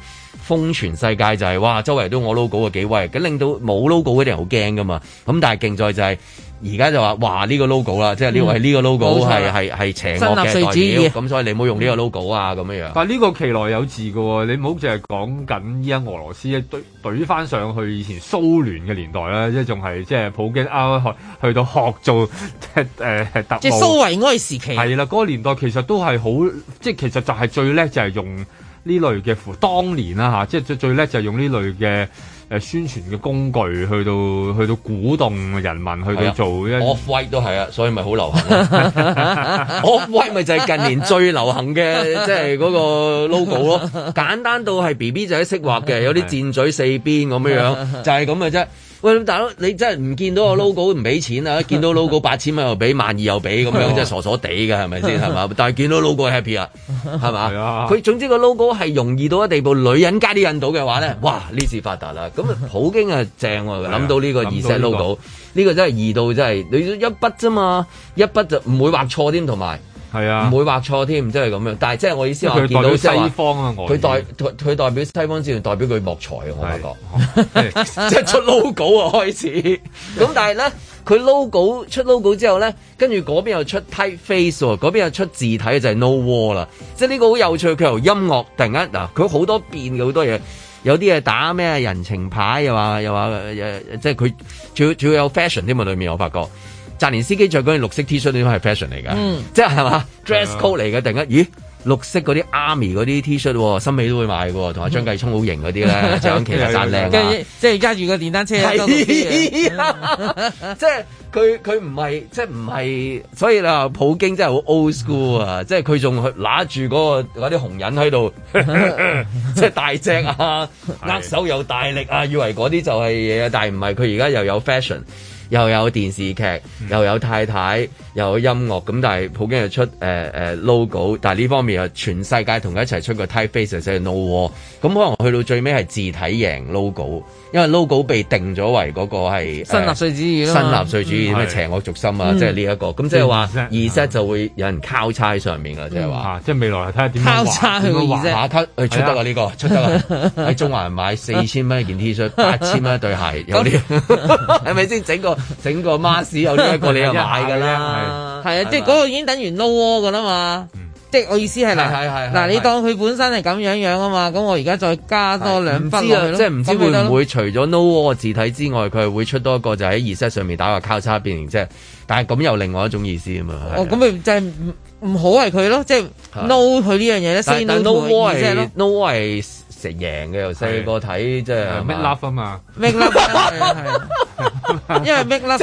瘋傳世界就係、是、哇，周圍都我 logo 嘅幾位，咁令到冇 logo 嗰啲人好驚噶嘛。咁但係勁在就係、是。而家就話，哇！呢個 logo 啦，嗯、即係呢個呢個 logo 係係係邪惡嘅代表，咁所以你唔好用呢個 logo 啊咁、嗯、樣。但係呢個旗內有字嘅喎，你唔好淨係講緊依家俄羅斯，一懟懟翻上去以前蘇聯嘅年代啦，即仲係即係普京啱啱去去到學做誒特。即，、呃、特即蘇維埃時期。係啦，嗰、嗰個年代其實都係好，即係其實就係最叻就係用。呢類嘅當年啦嚇、啊，即係最最叻就係用呢類嘅誒、呃、宣傳嘅工具去到去到鼓動人民去到做 off white 都係啊，所以咪好流行、啊。off white 咪 就係近年最流行嘅即係嗰個 logo 咯，簡單到係 B B 仔識畫嘅，有啲箭嘴四邊咁樣樣，就係咁嘅啫。喂，大佬，你真係唔見到個 logo 唔俾錢啊！見到 logo 八千蚊又俾，萬二又俾咁樣，真係傻傻地嘅，係咪先？係嘛？但係見到 logo happy 啊，係嘛？佢、啊、總之個 logo 係容易到一地步，女人加啲印度嘅話咧，哇！呢次發達啦，咁普京正啊正，諗、啊、到呢個 Z logo，呢、這個、個真係易到真係，你一筆咋嘛？一筆就唔會畫錯添，同埋。係啊，唔 會畫錯添，即係咁樣。但係即係我意思話，見到西方啊，佢代佢代表西方，西方之源，代表佢莫才啊！我發覺即係出 logo 啊開始。咁 但係咧，佢 logo 出 logo 之後咧，跟住嗰邊又出 typeface 喎、喔，嗰邊又出字體就係、是、no war 啦。即係呢個好有趣，佢由音樂突然間嗱，佢好多變嘅好多嘢，有啲嘢打咩人情牌又話又話，即係佢主要有 fashion 添啊！裏面我發覺。澤連司機着嗰件綠色 T 恤都係 fashion 嚟嘅，mm. 即係係嘛 dress code 嚟嘅。突然間，咦，綠色嗰啲 army 嗰啲 T 恤，森美都會買嘅，同埋張繼聰好型嗰啲咧，著緊 其實賺靚啊！ 即係揸住個電單車， 即係佢佢唔係即係唔係，所以啦，普京真係好 old school 啊、那個！即係佢仲拿住嗰個嗰啲紅人喺度，即係大隻啊，握 是手有大力啊，以為嗰啲就係嘢，但係唔係，佢而家又有 fashion。又有電視劇，又有太太。有音樂咁，但係普京又出誒誒 logo，但係呢方面啊，全世界同佢一齊出個 typeface 就死 no 喎，咁可能去到最尾係字體型 logo，因為 logo 被定咗為嗰個係新納粹主義，新納粹主義咩邪惡軸心啊，即係呢一個，咁即係話 Z 就會有人交叉喺上面㗎，即係話，即係未來睇下點交叉嘅意思出得啦呢個，出得啦喺中環買四千蚊一件 T 恤，八千蚊一對鞋，有啲係咪先整個整個 mask 有呢一個你又買㗎啦？係啊，即係嗰個已經等於 No War 噶啦嘛，即係我意思係嗱，嗱你當佢本身係咁樣樣啊嘛，咁我而家再加多兩分啊，即係唔知會唔會除咗 No War 字體之外，佢會出多一個就喺 Z 上面打個交叉變形即係，但係咁又另外一種意思啊嘛。哦，咁咪就係唔好係佢咯，即係 no 佢呢樣嘢咧。但但 No War 係 no 係成贏嘅，由細個睇即係。明粒分啊！明粒分係啊係啊。因為 make love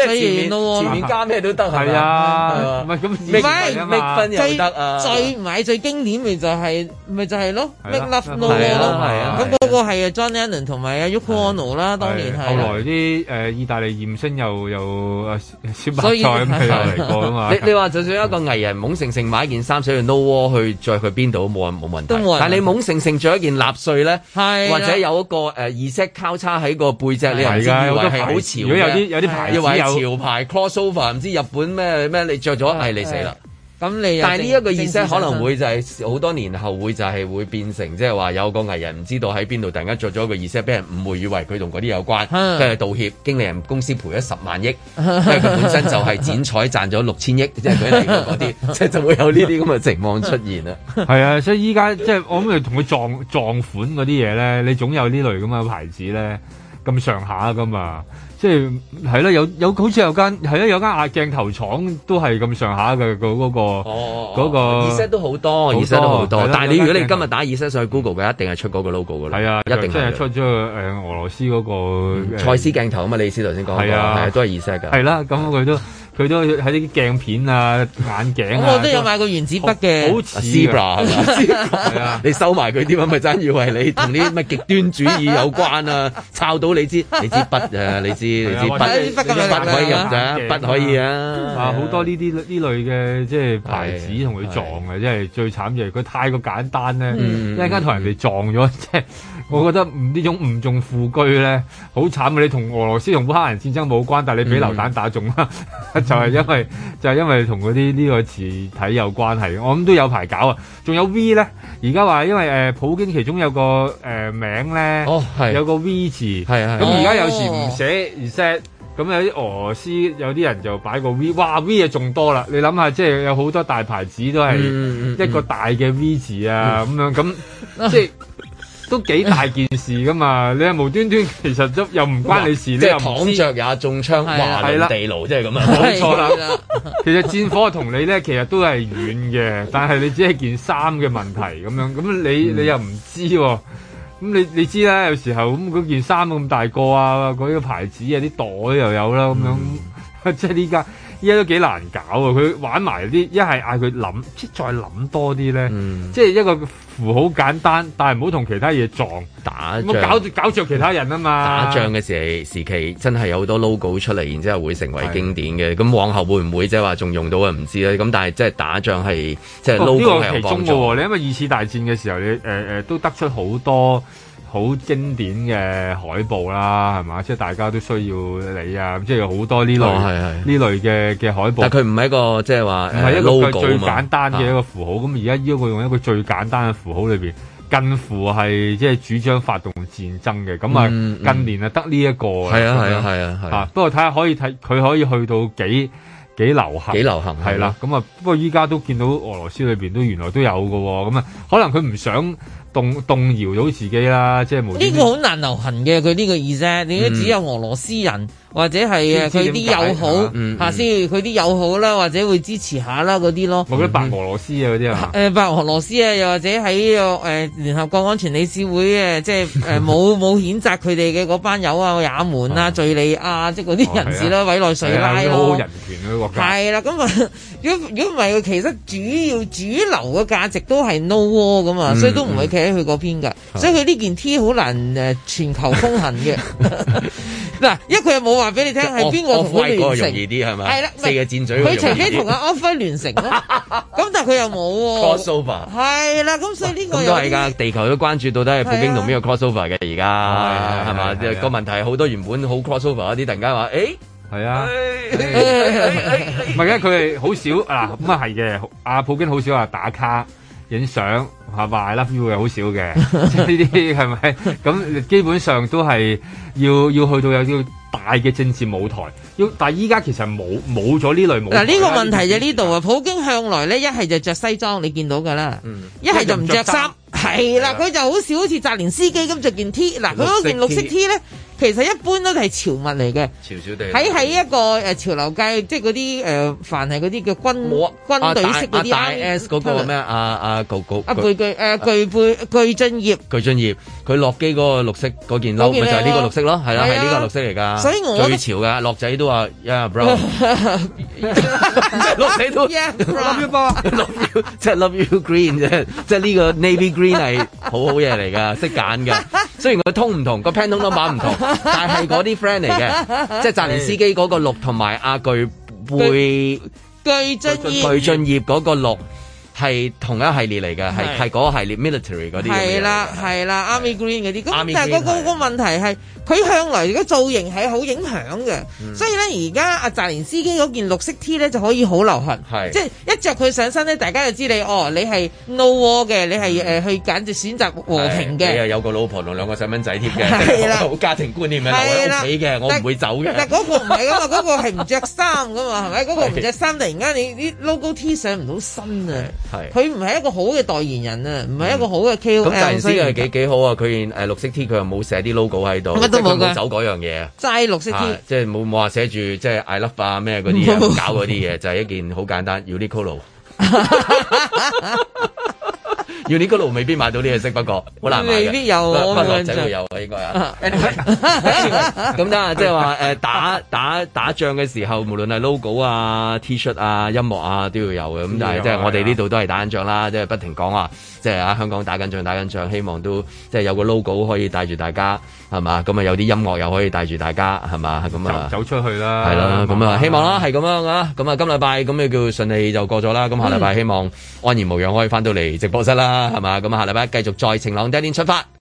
no 喎，前面加咩都得係啊，唔係咁，唔係 make fun 又得啊，最唔係最經典咪就係咪就係咯，make love no 咯，係啊。嗰個係啊，John Lennon 同埋啊 Yoko Ono 啦，當年係。後來啲誒、呃、意大利艷星又又誒、啊、小白菜咁嚟過啊嘛。 你話就算一個藝人懵盛盛買一件衫，想用 No War，去著去邊度都冇冇問題。但你懵盛盛着一件納粹咧，的或者有一個誒耳飾交叉喺個背脊，你又唔知以為係好潮。如果有啲有啲牌子有，以為潮牌 Crossover 唔知日本咩咩，你着咗係你死啦。咁你但係呢一個意思神神可能會就係好多年後會就係會變成即係話有個藝人唔知道喺邊度突然間作咗一個意思俾人誤會以為佢同嗰啲有關，跟又的道歉，經理人公司賠咗十萬億，因為佢本身就係剪彩賺咗六千億，即係嗰啲嗰啲，即係 就,就會有呢啲咁嘅情況出現啦。係啊，所以依家即係我諗，佢同佢撞撞款嗰啲嘢咧，你總有呢類咁嘅牌子咧，咁上下㗎嘛。即係啦，有有好似有間係啦，有間壓鏡頭廠都係咁上下嘅個嗰個，嗰個耳塞都好多，耳塞都好多。但係你如果你今日打 Zeiss 上去 Google 嘅，一定係出嗰個 logo 嘅。係啊，一定係。即係出咗誒俄羅斯嗰個蔡司鏡頭啊嘛，你先頭先講個係啊，都係 Zeiss 嘅。係啦，咁佢都。佢都喺啲鏡片啊、眼鏡啊，我都有買過原子筆嘅，好似吧？你收埋佢啲乜咪真以為你同啲咩極端主義有關啊？抄到你支，你支筆啊，你支你支筆啊你支你支筆筆可以入㗎，筆可以啊！啊，好多呢啲呢類嘅即係牌子同佢撞啊，真係最慘嘅係佢太過簡單咧，一間同人哋撞咗，即係我覺得呢種誤中副車咧，好慘啊！你同俄羅斯同烏克蘭戰爭冇關，但係你俾流彈打中啦。就係因為就係、是、因為同嗰啲呢個字體有關係，我諗都有排搞啊！仲有 V 咧，而家話因為誒普京其中有個誒、呃、名咧，哦、有個 V 字，咁而家有時唔寫而 set，咁、哦、有啲俄羅斯有啲人就擺個 V，哇 V 啊仲多啦！你諗下，即係有好多大牌子都係一個大嘅 V 字啊咁樣咁，即係。 都幾大件事噶嘛？你又無端端，其實都又唔關你事，你又躺着也中槍，滑地牢，即係咁樣！冇錯啦。其實戰火同你咧，其實都係遠嘅，但係你只係件衫嘅問題咁樣。咁你你又唔知？咁你你知啦，有時候咁嗰件衫咁大個啊，嗰、嗰個牌子啊，啲袋又有啦，咁樣、嗯、 即係呢家。依家都幾難搞啊。佢玩埋啲一係嗌佢諗，再嗯、即再諗多啲咧，即係一個符號好簡單，但係唔好同其他嘢撞。打仗。咁搞搞著其他人啊嘛！打仗嘅時候時期真係有好多 logo 出嚟，然之後會成為經典嘅。咁往後會唔會即係話仲用到啊？唔知咧。咁但係即係打仗係即係呢 logo 有幫助。你因為二次大戰嘅時候，你誒誒、呃呃、都得出好多。好經典嘅海報啦，係嘛？即係大家都需要你啊！即係有好多呢類呢類嘅嘅海報。但佢唔係一個即係話唔係一個最簡單嘅一個符號。咁而家依個用一個最簡單嘅符號裏邊，近乎係即係主張發動戰爭嘅。咁啊，近年啊得呢一個。係啊係啊係啊！嚇，不過睇下可以睇佢可以去到幾幾流行幾流行係啦。咁啊，不過依家都見到俄羅斯裏邊都原來都有嘅喎。咁啊，可能佢唔想。動動搖咗自己啦，即係冇。呢個好難流行嘅，佢呢個意思，你都只有俄羅斯人或者係佢啲友好，吓先，佢啲友好啦，或者會支持下啦嗰啲咯。我覺得白俄羅斯啊嗰啲啊？誒，白俄羅斯啊，又或者喺呢個誒聯合國安全理事會誒，即係誒冇冇譴責佢哋嘅嗰班友啊， 也門啊、敍利亞、啊、即係嗰啲人士、啊哦、啦，委內瑞拉。好好人權嘅國家。係啦，咁啊。如果如果唔係，其實主要主流嘅價值都係 No War 咁啊，所以都唔會企喺佢嗰邊噶，所以佢呢件 T 好難誒全球風行嘅。嗱，因為佢又冇話俾你聽係邊個同聯成，係啦，四個箭嘴。佢曾經同阿 Off-White 聯成啊，咁但係佢又冇喎。Crossover 係啦，咁所以呢個咁都係噶，地球都關注到底係普京同邊個 Crossover 嘅而家，係嘛？個問題好多原本好 Crossover 啲突然間話誒。係 啊，唔係嘅，佢係好少啊。咁啊係嘅，阿普京好少話打卡、影相、拍埋 live view，好少嘅。即係呢啲係咪？咁基本上都係要要去到有啲大嘅政治舞台。要，但係依家其實冇冇咗呢類舞台。嗱，呢個問題就呢度啊。普京向來咧，一係就着西裝，你見到噶啦。嗯。一係就唔着衫，係啦，佢就好少好似澤連斯基咁着件 T。嗱，佢嗰件綠色 T 咧。其實一般都係潮物嚟嘅，喺喺一個誒潮流界，即係嗰啲誒，凡係嗰啲叫軍軍隊式嗰啲。大 S 嗰個咩？阿阿巨巨阿巨巨誒，巨巨巨津業巨津業，佢落機嗰個綠色嗰件褸咪就係呢個綠色咯。係啦，係呢個綠色嚟噶。最潮噶，樂仔都話 Yes，bro 樂仔都 Yes，Love you，即係 Love you green 啫，即係呢個 navy green 係好好嘢嚟噶，識揀噶。雖然佢通唔同，個 pattern 都碼唔同。 但係嗰啲 friend 嚟嘅， 即係澤連司機嗰個六同埋阿巨貝巨俊業嗰個六。係同一系列嚟嘅，係係嗰個系列，military 嗰啲咁樣。係啦，係啦，Army Green 嗰啲。咁但係個個個問題係，佢向來而家造型係好影響嘅。所以咧，而家阿澤連斯基嗰件綠色 T 咧就可以好流行。係，即係一着佢上身咧，大家就知你哦，你係 No War 嘅，你係誒去揀擇選擇和平嘅。你啊有個老婆同兩個細蚊仔添嘅，係啦，家庭觀念喺屋企嘅，我唔會走嘅。但嗰個唔係噶嘛，嗰個係唔着衫噶嘛，係咪？嗰個唔着衫，突然間你啲 logo T 上唔到身啊！佢唔係一個好嘅代言人啊，唔係一個好嘅 QM。咁突、嗯嗯、然之間係幾幾好啊？佢誒綠色 T，佢又冇寫啲 logo 喺度，乜都冇噶，走嗰樣嘢，啊，齋綠色 T，即係冇冇話寫住即係 I love 啊咩嗰啲啊，用搞嗰啲嘢，就係、是、一件好簡單，unique colour 要呢個路未必買到呢個色，不過好難未必有，我覺得仔會有啊，應該啊。咁啊，即係話誒打打打仗嘅時候，無論係 logo 啊、t 恤啊、音樂啊，都要有嘅。咁但係即係我哋呢度都係打緊仗啦，即係、啊、不停講話，即係喺香港打緊仗、打緊仗，希望都即係有個 logo 可以帶住大家係嘛，咁啊有啲音樂又可以帶住大家係嘛，咁啊走，走出去啦，係啦，咁啊希望啦，係咁樣啊，咁啊今禮拜咁又叫順利就過咗啦，咁下禮拜希望安然無恙可以翻到嚟直播室啦。嗯啊，係嘛？咁啊，下禮拜繼續在晴朗的一天出發。